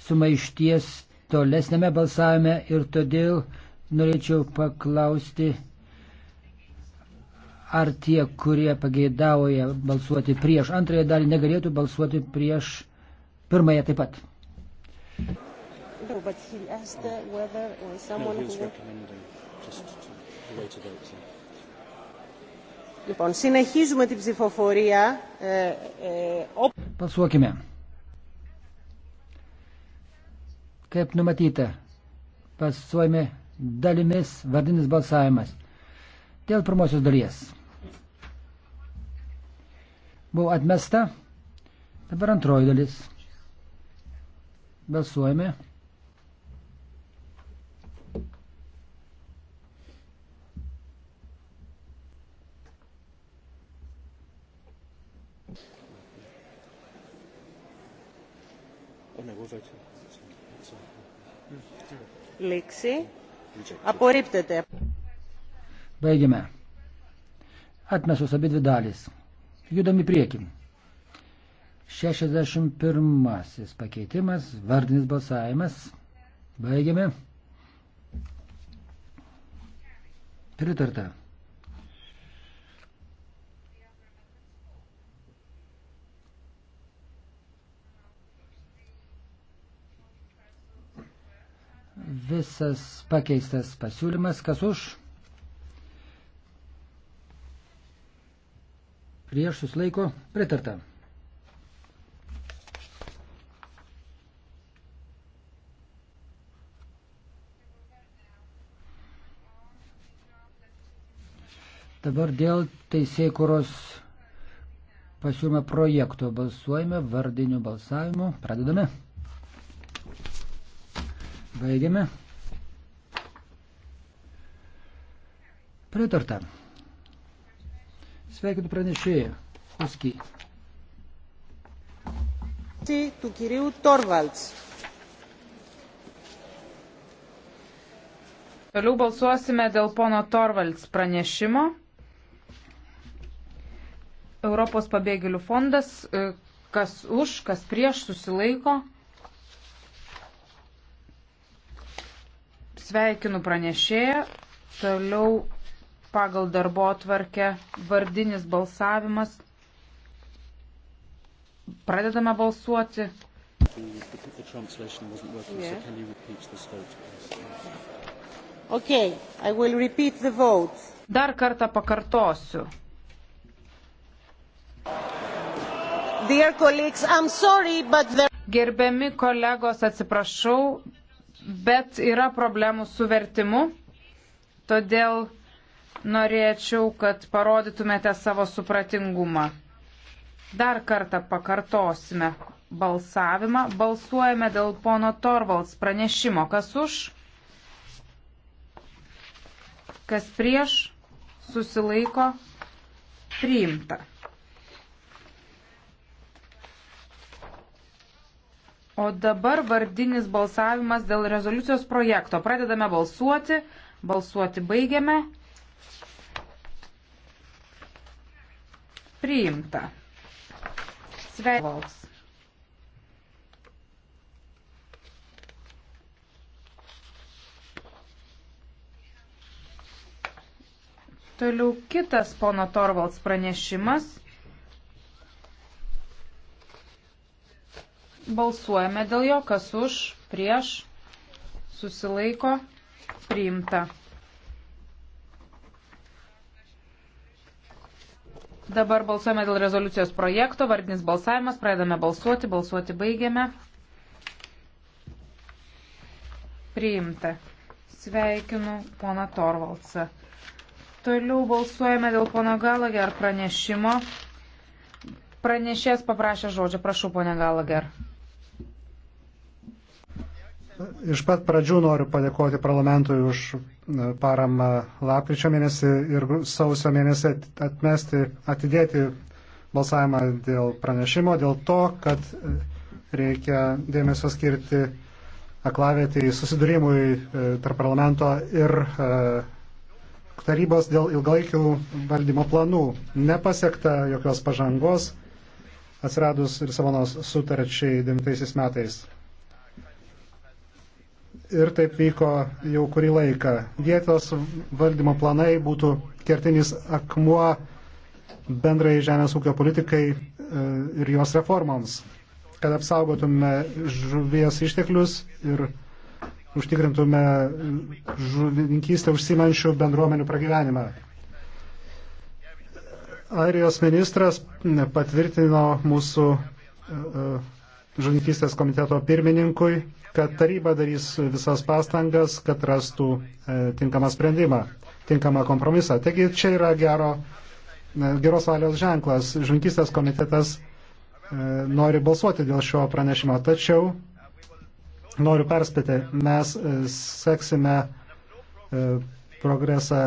sumaišties tolesnėme balsavime ir todėl norėčiau paklausti ar tie, kurie pageidauja balsuoti prieš antrąją dalį, negalėtų balsuoti prieš pirmąją taip pat. No, but he asked whether uh, someone no, he was who... recommending just the way to vote. So. Λοιπόν, συνεχίζουμε την ψηφοφορία. Ε, ε, ο... Πασουόκημε. Kaip numatyta, pasuojame dalimis vardinis balsavimas dėl pirmosios dalies buvo atmesta. Dabar antroji dalis. Balsuojame. Λήξη. Απορρίπτεται. Baigime. Atmesos abi dvi dalys. Judami priekin. 61 pakeitimas, vardinis balsavimas. Baigiame. Pritarta. Visas pakeistas pasiūlymas, kas už? prieš susilaiko pritarta. Dabar dėl teisėkuros pasiūlymo projekto balsuojame vardiniu balsavimu. Pradedame. Baigiame. Pritarta. Sveikinu pranešėją. Paskui. Του κυρίου Τόρβαλτς. Toliau balsuosime dėl pono Torvalds pranešimo. Europos pabėgėlių fondas, e, kas už, kas prieš susilaiko. Sveikinu pranešėją. Toliau pagal darbo atvarkę vardinis balsavimas. Pradedame balsuoti. Dar kartą pakartosiu. Sorry, there... Gerbiami kolegos, atsiprašau, bet yra problemų su vertimu, todėl norėčiau, kad parodytumėte savo supratingumą. Dar kartą pakartosime balsavimą. Balsuojame dėl pono Torvalds pranešimo. Kas už? Kas prieš? Susilaiko? Priimta. O dabar vardinis balsavimas dėl rezoliucijos projekto. Pradedame balsuoti, balsuoti baigiame. Priimta. Sveikovs. Toliau kitas pono Torvalds pranešimas. Balsuojame dėl jo, kas už, prieš, susilaiko, priimta. Dabar balsuojame dėl rezoliucijos projekto, vardinis balsavimas, pradedame balsuoti, balsuoti baigiame. Priimta. Sveikinu pona Torvaldsą. Toliau balsuojame dėl pono Galager pranešimo. Pranešės paprašė žodžio. Prašau, pone Galager. Iš pat pradžių noriu padėkoti parlamentui už e, paramą lapkričio mėnesį ir sausio mėnesį atmesti, atidėti balsavimą dėl pranešimo, dėl to, kad e, reikia dėmesio skirti aklavėtį susidūrimui e, tarp parlamento ir tarybos dėl ilgalaikių valdymo planų. Nepasiekta jokios pažangos atsiradus ir savonos sutarčiai 9 metais ir taip vyko jau kurį laiką. Vietos valdymo planai būtų kertinis akmuo bendrai žemės ūkio politikai e, ir jos reformoms, kad apsaugotume žuvies išteklius ir užtikrintume žuvininkystę užsimančių bendruomenių pragyvenimą. Airijos ministras patvirtino mūsų e, e, žuvininkystės komiteto pirmininkui kad taryba darys visas pastangas, kad rastų e, tinkamą sprendimą, tinkamą kompromisą. Taigi čia yra gero, e, geros valios ženklas. Žvinkistės komitetas e, nori balsuoti dėl šio pranešimo, tačiau noriu perspėti, mes seksime progresą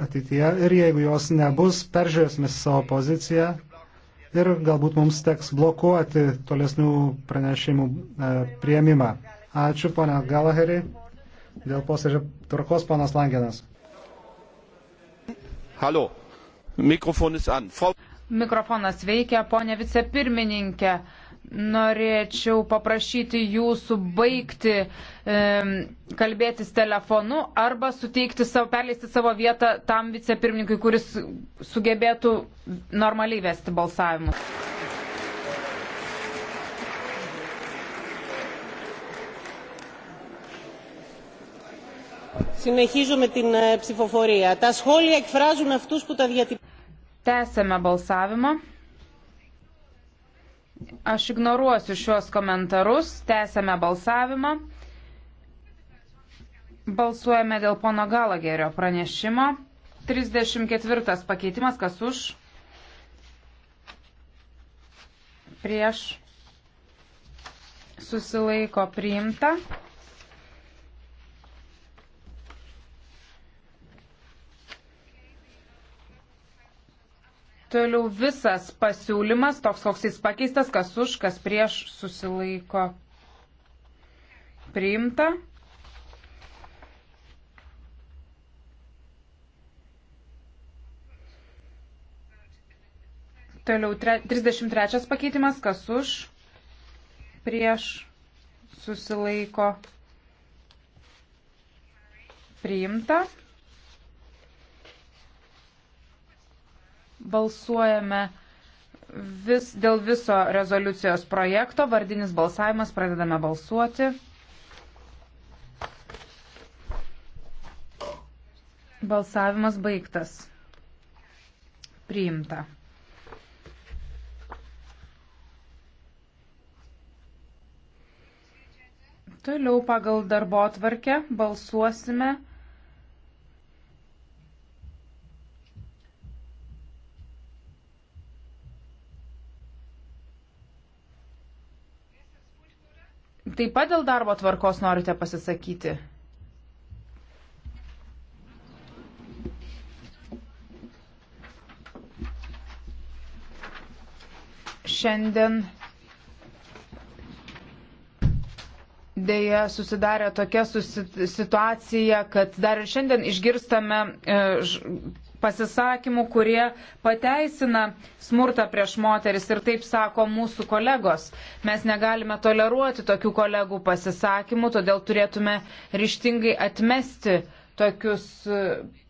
ateityje ir jeigu jos nebus, peržiūrėsime savo poziciją ir galbūt mums teks blokuoti tolesnių pranešimų prieimimą. Ačiū, ponia Galaheri. Dėl posėdžio tvarkos, ponas Langenas. Halo, mikrofonas an. Frau... Mikrofonas veikia, ponia vicepirmininkė. Norėčiau paprašyti jūsų baigti e, kalbėtis telefonu arba suteikti savo, perleisti savo vietą tam vicepirmininkui, kuris sugebėtų normaliai vesti balsavimus. Συνεχίζω με την ψηφοφορία. Τα σχόλια εκφράζουν αυτούς που τα διατυπώνουν. Tęsėme balsavimą. Aš ignoruosiu šios komentarus. Tęsėme balsavimą. Balsuojame dėl pono Galagerio pranešimo. 34 pakeitimas. Kas už? Prieš. Susilaiko priimta. Toliau visas pasiūlymas, toks koks jis pakeistas, kas už, kas prieš susilaiko priimta. Toliau 33 pakeitimas, kas už, prieš, susilaiko, priimta. Balsuojame vis, dėl viso rezoliucijos projekto. Vardinis balsavimas. Pradedame balsuoti. Balsavimas baigtas. Priimta. Toliau pagal darbo atvarkę balsuosime Taip pat dėl darbo tvarkos norite pasisakyti? Šiandien dėja susidarė tokia situacija, kad dar ir šiandien išgirstame e, pasisakymų, kurie pateisina smurtą prieš moteris ir taip sako mūsų kolegos. Mes negalime toleruoti tokių kolegų pasisakymų, todėl turėtume ryštingai atmesti tokius e,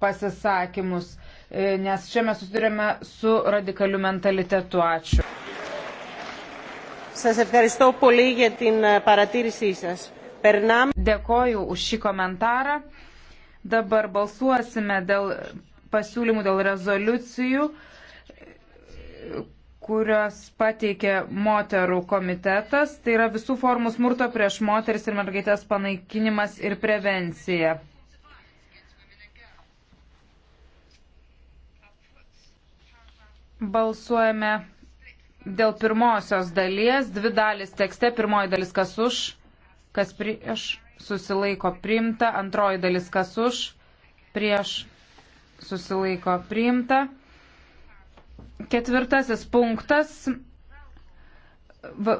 pasisakymus, e, nes čia mes susidurėme su radikaliu mentalitetu. Ačiū. Dėkoju už šį komentarą. Dabar balsuosime dėl pasiūlymų dėl rezoliucijų, kurios pateikė moterų komitetas. Tai yra visų formų smurto prieš moteris ir mergaitės panaikinimas ir prevencija. Balsuojame dėl pirmosios dalies. Dvi dalis tekste. Pirmoji dalis kas už, kas prieš, susilaiko primta. Antroji dalis kas už, prieš, susilaiko priimta. Ketvirtasis punktas. Va,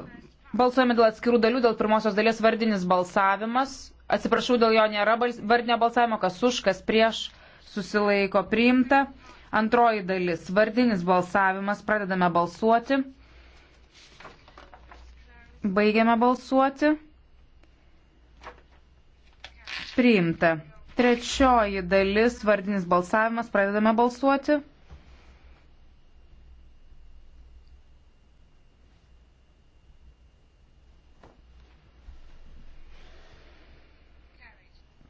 balsuojame dėl atskirų dalių, dėl pirmosios dalies vardinis balsavimas. Atsiprašau, dėl jo nėra vardinio balsavimo, kas už, kas prieš susilaiko priimta. Antroji dalis vardinis balsavimas, pradedame balsuoti. Baigiame balsuoti. Priimta. Trečioji dalis, vardinis balsavimas, pradedame balsuoti.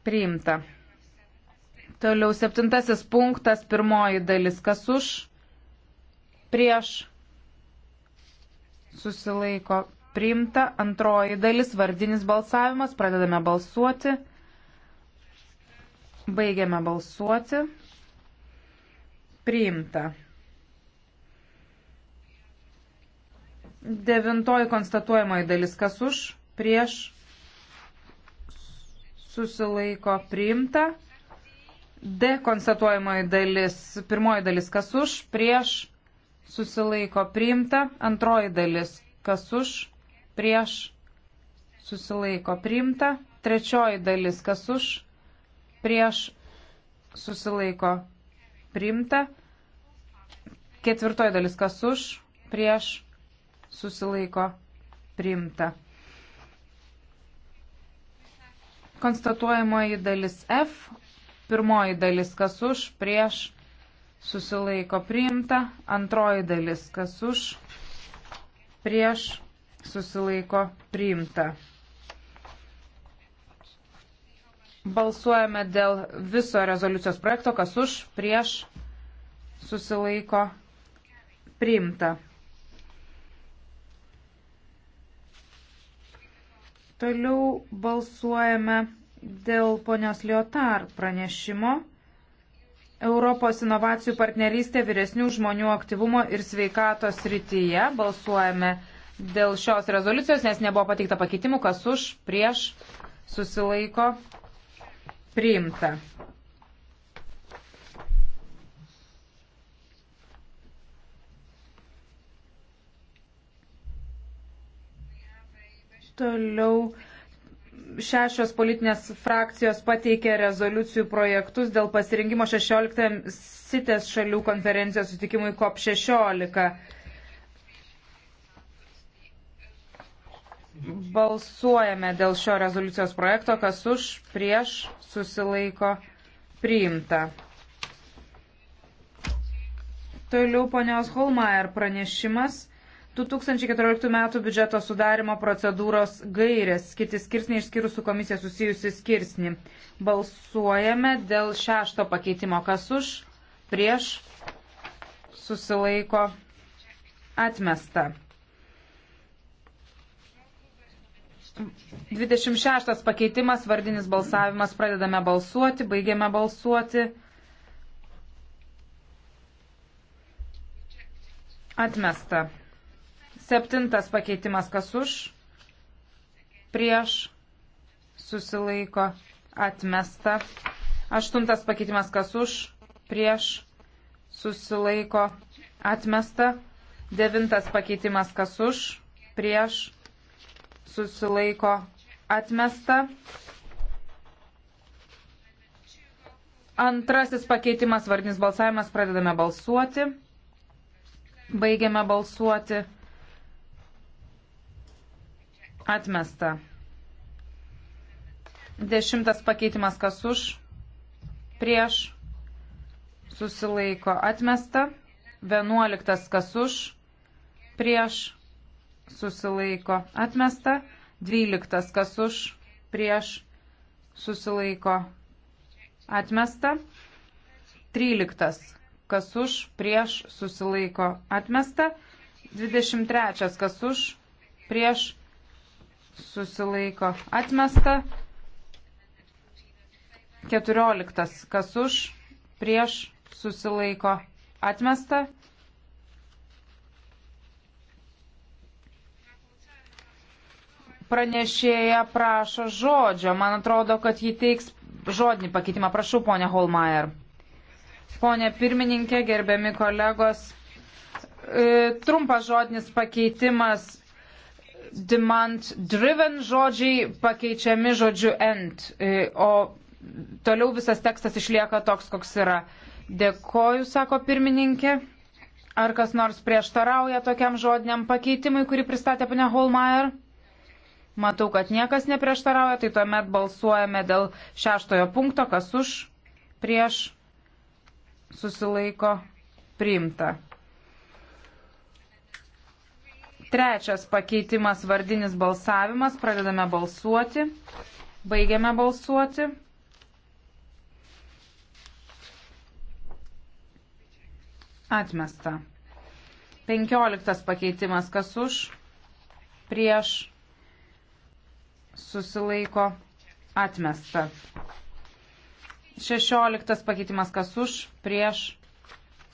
Priimta. Toliau septintasis punktas, pirmoji dalis, kas už, prieš, susilaiko, priimta, antroji dalis, vardinis balsavimas, pradedame balsuoti. Baigiame balsuoti. Priimta. Devintoji konstatuojamoji dalis, kas už, prieš, susilaiko priimta. D konstatuojamoji dalis, pirmoji dalis, kas už, prieš, susilaiko priimta. Antroji dalis, kas už, prieš, susilaiko priimta. Trečioji dalis, kas už, prieš susilaiko priimta. Ketvirtoji dalis kas už, prieš susilaiko priimta. Konstatuojamoji dalis F, pirmoji dalis kas už, prieš susilaiko priimta, antroji dalis kas už, prieš susilaiko priimta. Balsuojame dėl viso rezoliucijos projekto, kas už, prieš, susilaiko, priimta. Toliau balsuojame dėl ponios Liotar pranešimo. Europos inovacijų partnerystė vyresnių žmonių aktyvumo ir sveikatos rytyje. Balsuojame dėl šios rezoliucijos, nes nebuvo pateikta pakeitimų, kas už, prieš, susilaiko, priimta. Toliau šešios politinės frakcijos pateikė rezoliucijų projektus dėl pasirinkimo 16 sitės šalių konferencijos sutikimui COP16. Balsuojame dėl šio rezoliucijos projekto, kas už, prieš, susilaiko, priimta. Toliau ponios Holmaier pranešimas. 2014 m. biudžeto sudarimo procedūros gairės, kiti skirsniai išskyrus su komisija susijusi skirsnį. Balsuojame dėl šešto pakeitimo, kas už, prieš, susilaiko, atmesta. 26 pakeitimas, vardinis balsavimas, pradedame balsuoti, baigiame balsuoti. Atmesta. Septintas pakeitimas, kas už, prieš, susilaiko, atmesta. Aštuntas pakeitimas, kas už, prieš, susilaiko, atmesta. Devintas pakeitimas, kas už, prieš, susilaiko susilaiko atmesta. Antrasis pakeitimas vardinis balsavimas. Pradedame balsuoti. Baigiame balsuoti. Atmesta. Dešimtas pakeitimas kas už. Prieš. Susilaiko atmesta. Vienuoliktas kas už. Prieš susilaiko atmesta, 12 kas už, prieš susilaiko atmesta, 13 kas už, prieš susilaiko atmesta, 23 kas už, prieš susilaiko atmesta, 14 kas už, prieš susilaiko atmesta, pranešėja prašo žodžio. Man atrodo, kad ji teiks žodinį pakeitimą. Prašau, ponia Holmeier. Pone pirmininkė, gerbiami kolegos, e, trumpas žodinis pakeitimas demand driven žodžiai pakeičiami žodžiu end, e, o toliau visas tekstas išlieka toks, koks yra. Dėkoju, sako pirmininkė. Ar kas nors prieštarauja tokiam žodiniam pakeitimui, kurį pristatė ponia Holmeier? Matau, kad niekas neprieštarauja, tai tuomet balsuojame dėl šeštojo punkto, kas už, prieš, susilaiko, priimta. Trečias pakeitimas vardinis balsavimas. Pradedame balsuoti. Baigiame balsuoti. Atmesta. Penkioliktas pakeitimas. Kas už? Prieš susilaiko atmesta. 16 pakeitimas kas už, prieš,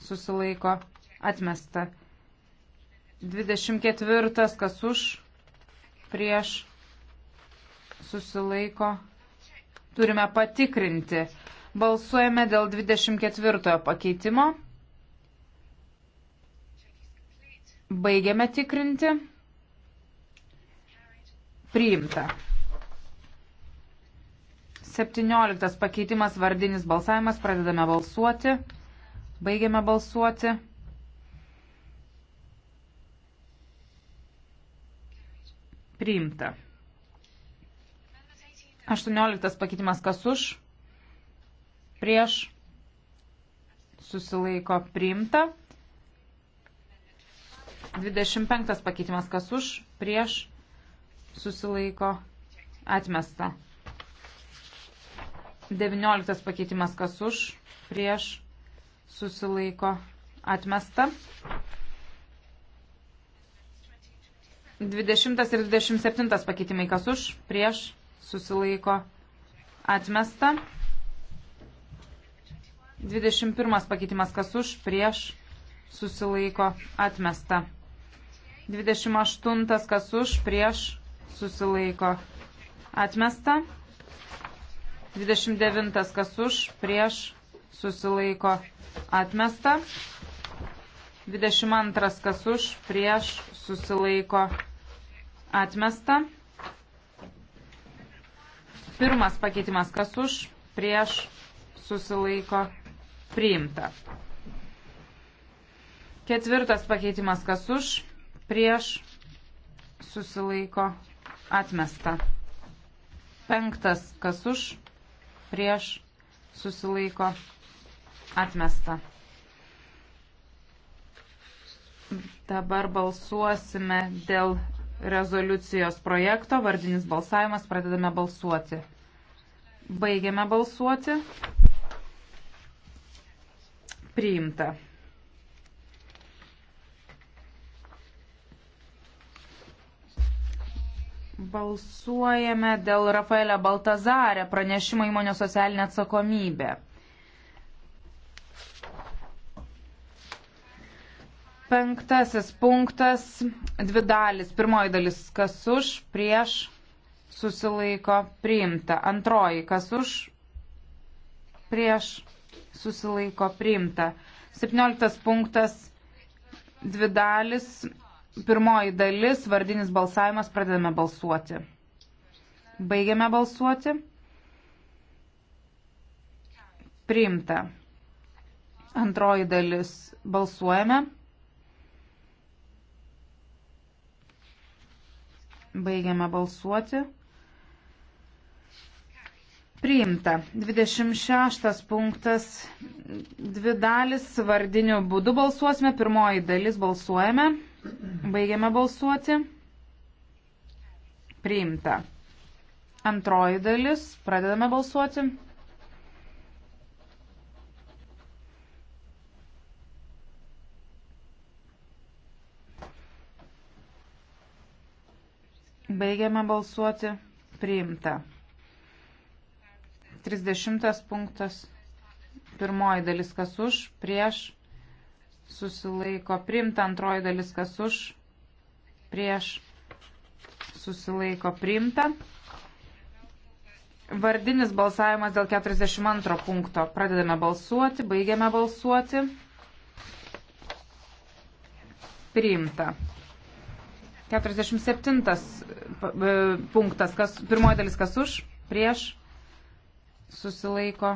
susilaiko, atmesta. 24 kas už, prieš, susilaiko. Turime patikrinti. Balsuojame dėl 24 pakeitimo. Baigiame tikrinti. Priimta. 17 pakeitimas vardinis balsavimas. Pradedame balsuoti. Baigiame balsuoti. Priimta. 18 pakeitimas kas už. Prieš. Susilaiko priimta. 25 pakeitimas kas už. Prieš. Susilaiko atmesta. 19 pakeitimas kas už, prieš, susilaiko, atmesta. 20 ir 27 pakeitimai kas už, prieš, susilaiko, atmesta. 21 pakeitimas kas už, prieš, susilaiko, atmesta. 28 kas už, prieš, susilaiko, atmesta. 29 kas už, prieš, susilaiko, atmesta. 22 kas už, prieš, susilaiko, atmesta. Pirmas pakeitimas kas už, prieš, susilaiko, priimta. Ketvirtas pakeitimas kas už, prieš, susilaiko, atmesta. Penktas kas už, prieš, susilaiko, atmesta. Dabar balsuosime dėl rezoliucijos projekto, vardinis balsavimas, pradedame balsuoti. Baigiame balsuoti. Priimta. Balsuojame dėl Rafaelio Baltazarė pranešimo įmonio socialinė atsakomybė. Penktasis punktas, dvi dalis. Pirmoji dalis, kas už, prieš, susilaiko, priimta. Antroji, kas už, prieš, susilaiko, priimta. Septynioliktas punktas, dvi dalis Pirmoji dalis, vardinis balsavimas, pradedame balsuoti. Baigiame balsuoti. Priimta. Antroji dalis, balsuojame. Baigiame balsuoti. Priimta. 26 punktas. Dvi dalis vardiniu būdu balsuosime. Pirmoji dalis balsuojame. Baigiame balsuoti. Priimta. Antroji dalis. Pradedame balsuoti. Baigiame balsuoti. Priimta. 30 punktas. Pirmoji dalis kas už, prieš, susilaiko primta, antroji dalis kas už, prieš susilaiko primta. Vardinis balsavimas dėl 42 punkto. Pradedame balsuoti, baigiame balsuoti. Priimta. 47 e, punktas. Kas, pirmoji dalis kas už, prieš, susilaiko,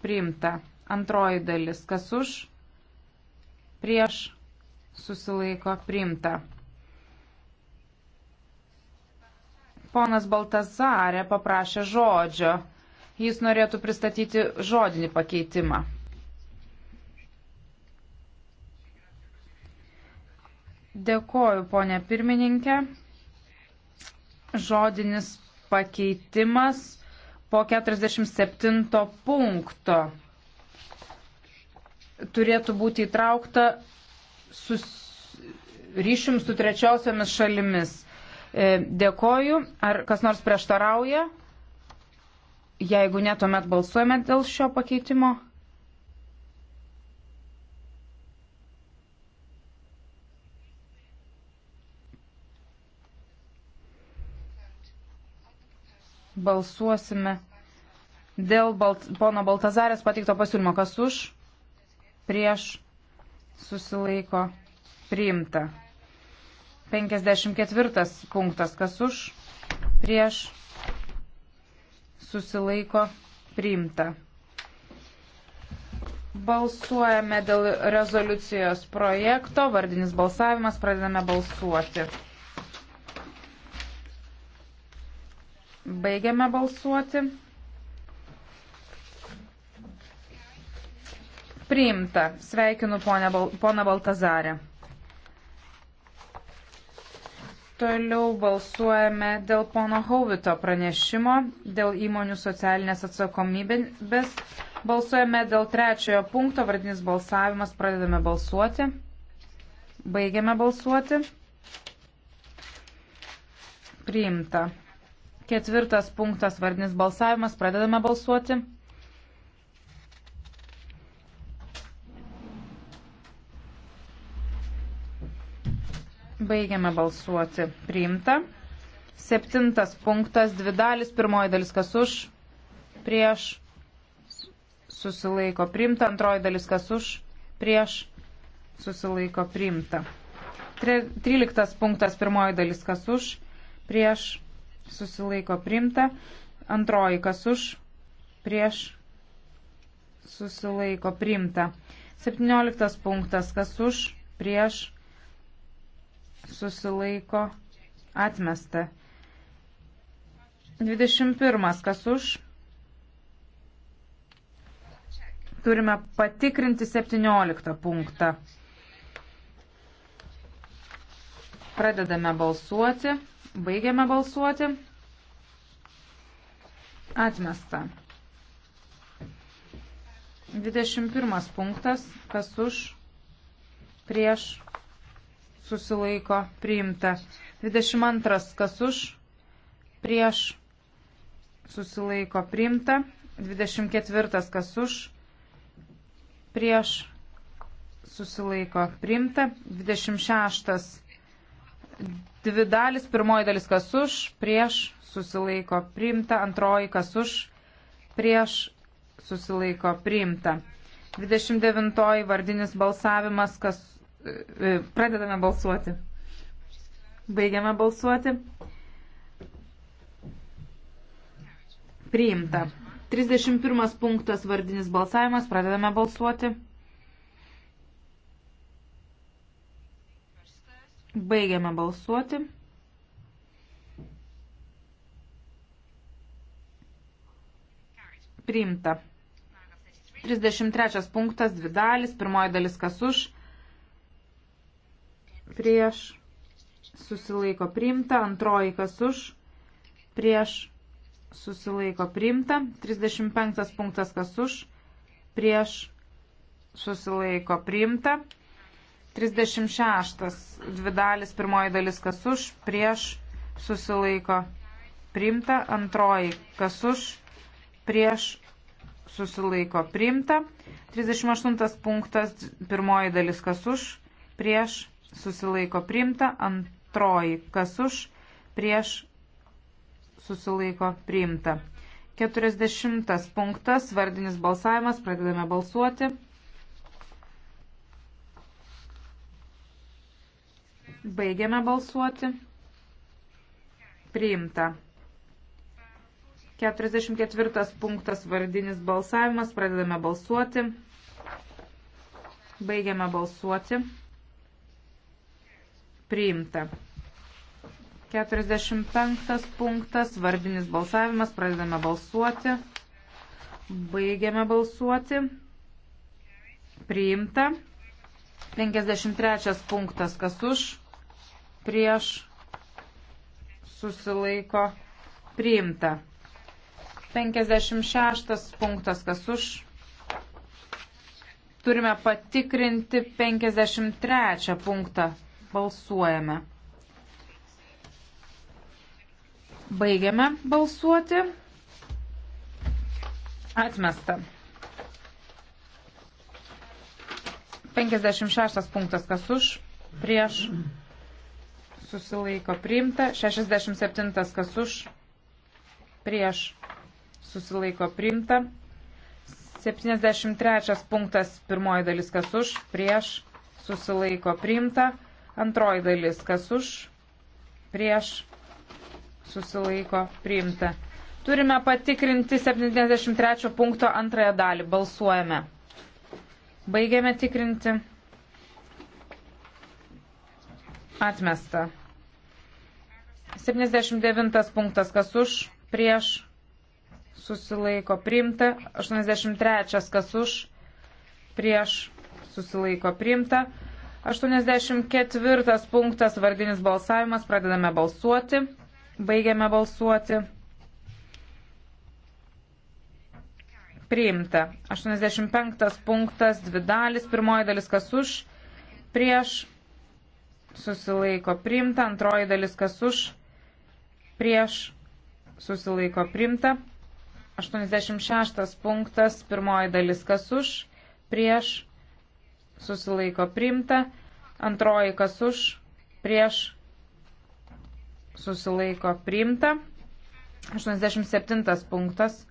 priimta. Antroji dalis kas už, prieš susilaiko priimta. Ponas Baltazarė paprašė žodžio. Jis norėtų pristatyti žodinį pakeitimą. Dėkoju, ponė pirmininkė. Žodinis pakeitimas po 47 punkto turėtų būti įtraukta sus, ryšium su trečiosiomis šalimis. E, dėkoju. Ar kas nors prieštarauja? Jeigu ne, tuomet balsuojame dėl šio pakeitimo. Balsuosime dėl Balt, pono Baltazarės pateikto pasiūlymo. Kas už? prieš susilaiko priimta. 54 punktas, kas už, prieš susilaiko priimta. Balsuojame dėl rezoliucijos projekto, vardinis balsavimas, pradedame balsuoti. Baigiame balsuoti. Priimta. Sveikinu poną Baltazarę. Toliau balsuojame dėl pono Hauvito pranešimo, dėl įmonių socialinės atsakomybės. Balsuojame dėl trečiojo punkto, vardinis balsavimas, pradedame balsuoti. Baigiame balsuoti. Priimta. Ketvirtas punktas, vardinis balsavimas, pradedame balsuoti. Baigiame balsuoti. Priimta. Septintas punktas, dvi dalis, pirmoji dalis kas už, prieš, susilaiko priimta, antroji dalis kas už, prieš, susilaiko priimta. Tryliktas punktas, pirmoji dalis kas už, prieš, susilaiko priimta, antroji kas už, prieš, susilaiko priimta. Septynioliktas punktas, kas už, prieš, susilaiko atmesta. 21. Kas už? Turime patikrinti 17 punktą. Pradedame balsuoti, baigiame balsuoti. Atmesta. 21 punktas, kas už, prieš, susilaiko priimta. 22 kas už, prieš susilaiko priimta. 24 kas už, prieš susilaiko priimta. 26 dvi dalis, pirmoji dalis kas už, prieš susilaiko priimta, antroji kas už, prieš susilaiko priimta. 29 vardinis balsavimas, kas E, pradedame balsuoti. Baigiame balsuoti. Priimta. 31 punktas vardinis balsavimas. Pradedame balsuoti. Baigiame balsuoti. Priimta. 33 punktas, dvi dalis, pirmoji dalis kas už, prieš, susilaiko priimta, antroji kas už, prieš, susilaiko priimta, 35 punktas kas už, prieš, susilaiko priimta, 36 dvi dalis, pirmoji dalis kas už, prieš, susilaiko priimta, antroji kas už, prieš, susilaiko priimta, 38 punktas, pirmoji dalis kas už, prieš, susilaiko priimta, antroji kas už, prieš susilaiko priimta. 40 punktas, vardinis balsavimas, pradedame balsuoti. Baigiame balsuoti. Priimta. 44 punktas vardinis balsavimas. Pradedame balsuoti. Baigiame balsuoti priimta. 45 punktas, vardinis balsavimas, pradedame balsuoti, baigiame balsuoti, priimta. 53 punktas, kas už, prieš, susilaiko, priimta. 56 punktas, kas už, turime patikrinti 53 punktą. Balsuojame. Baigiame balsuoti. Atmesta. 56 punktas kas už, prieš, susilaiko priimta. 67 kas už, prieš, susilaiko priimta. 73 punktas pirmoji dalis kas už, prieš, susilaiko priimta. Antroji dalis, kas už, prieš, susilaiko, priimta. Turime patikrinti 73 punkto antrąją dalį. Balsuojame. Baigiame tikrinti. Atmesta. 79 punktas, kas už, prieš, susilaiko, priimta. 83, kas už, prieš, susilaiko, priimta. 84 punktas vardinis balsavimas. Pradedame balsuoti. Baigiame balsuoti. Priimta. 85 punktas, dvi dalis. Pirmoji dalis kas už, prieš, susilaiko priimta. Antroji dalis kas už, prieš, susilaiko priimta. 86 punktas, pirmoji dalis kas už, prieš, susilaiko priimta, antroji kas už, prieš susilaiko priimta, 87 punktas.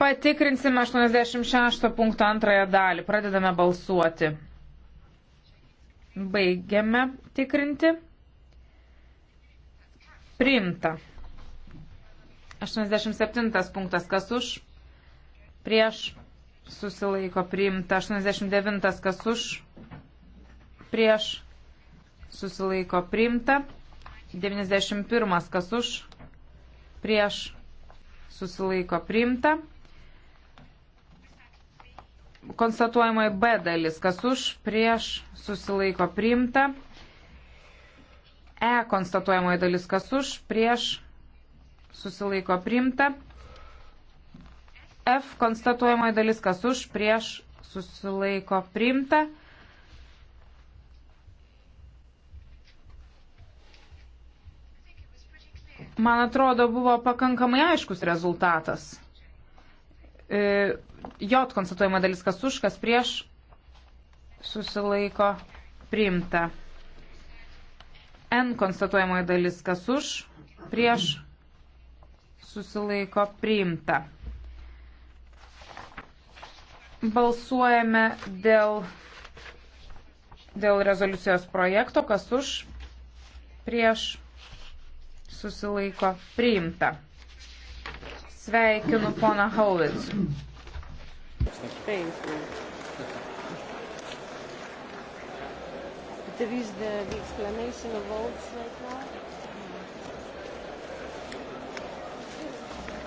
Patikrinsime 86 punkto antrąją dalį. Pradedame balsuoti. Baigiame tikrinti. Priimta. 87 punktas kas už, prieš susilaiko priimta. 89 kas už, prieš susilaiko priimta. 91 kas už, prieš susilaiko priimta. Konstatuojamai B dalis, kas už, prieš susilaiko priimta. E konstatuojamoji dalis, kas už, prieš susilaiko priimta. F konstatuojamoji dalis kas už, prieš susilaiko priimta. Man atrodo, buvo pakankamai aiškus rezultatas. E, J konstatuojama dalis kas už, kas prieš susilaiko priimta. N konstatuojamoji dalis kas už, prieš susilaiko priimta. Balsuojame dėl, dėl rezoliucijos projekto, kas už, prieš, susilaiko priimta. Sveikinu poną Haulitz. There is the, the explanation of votes right now.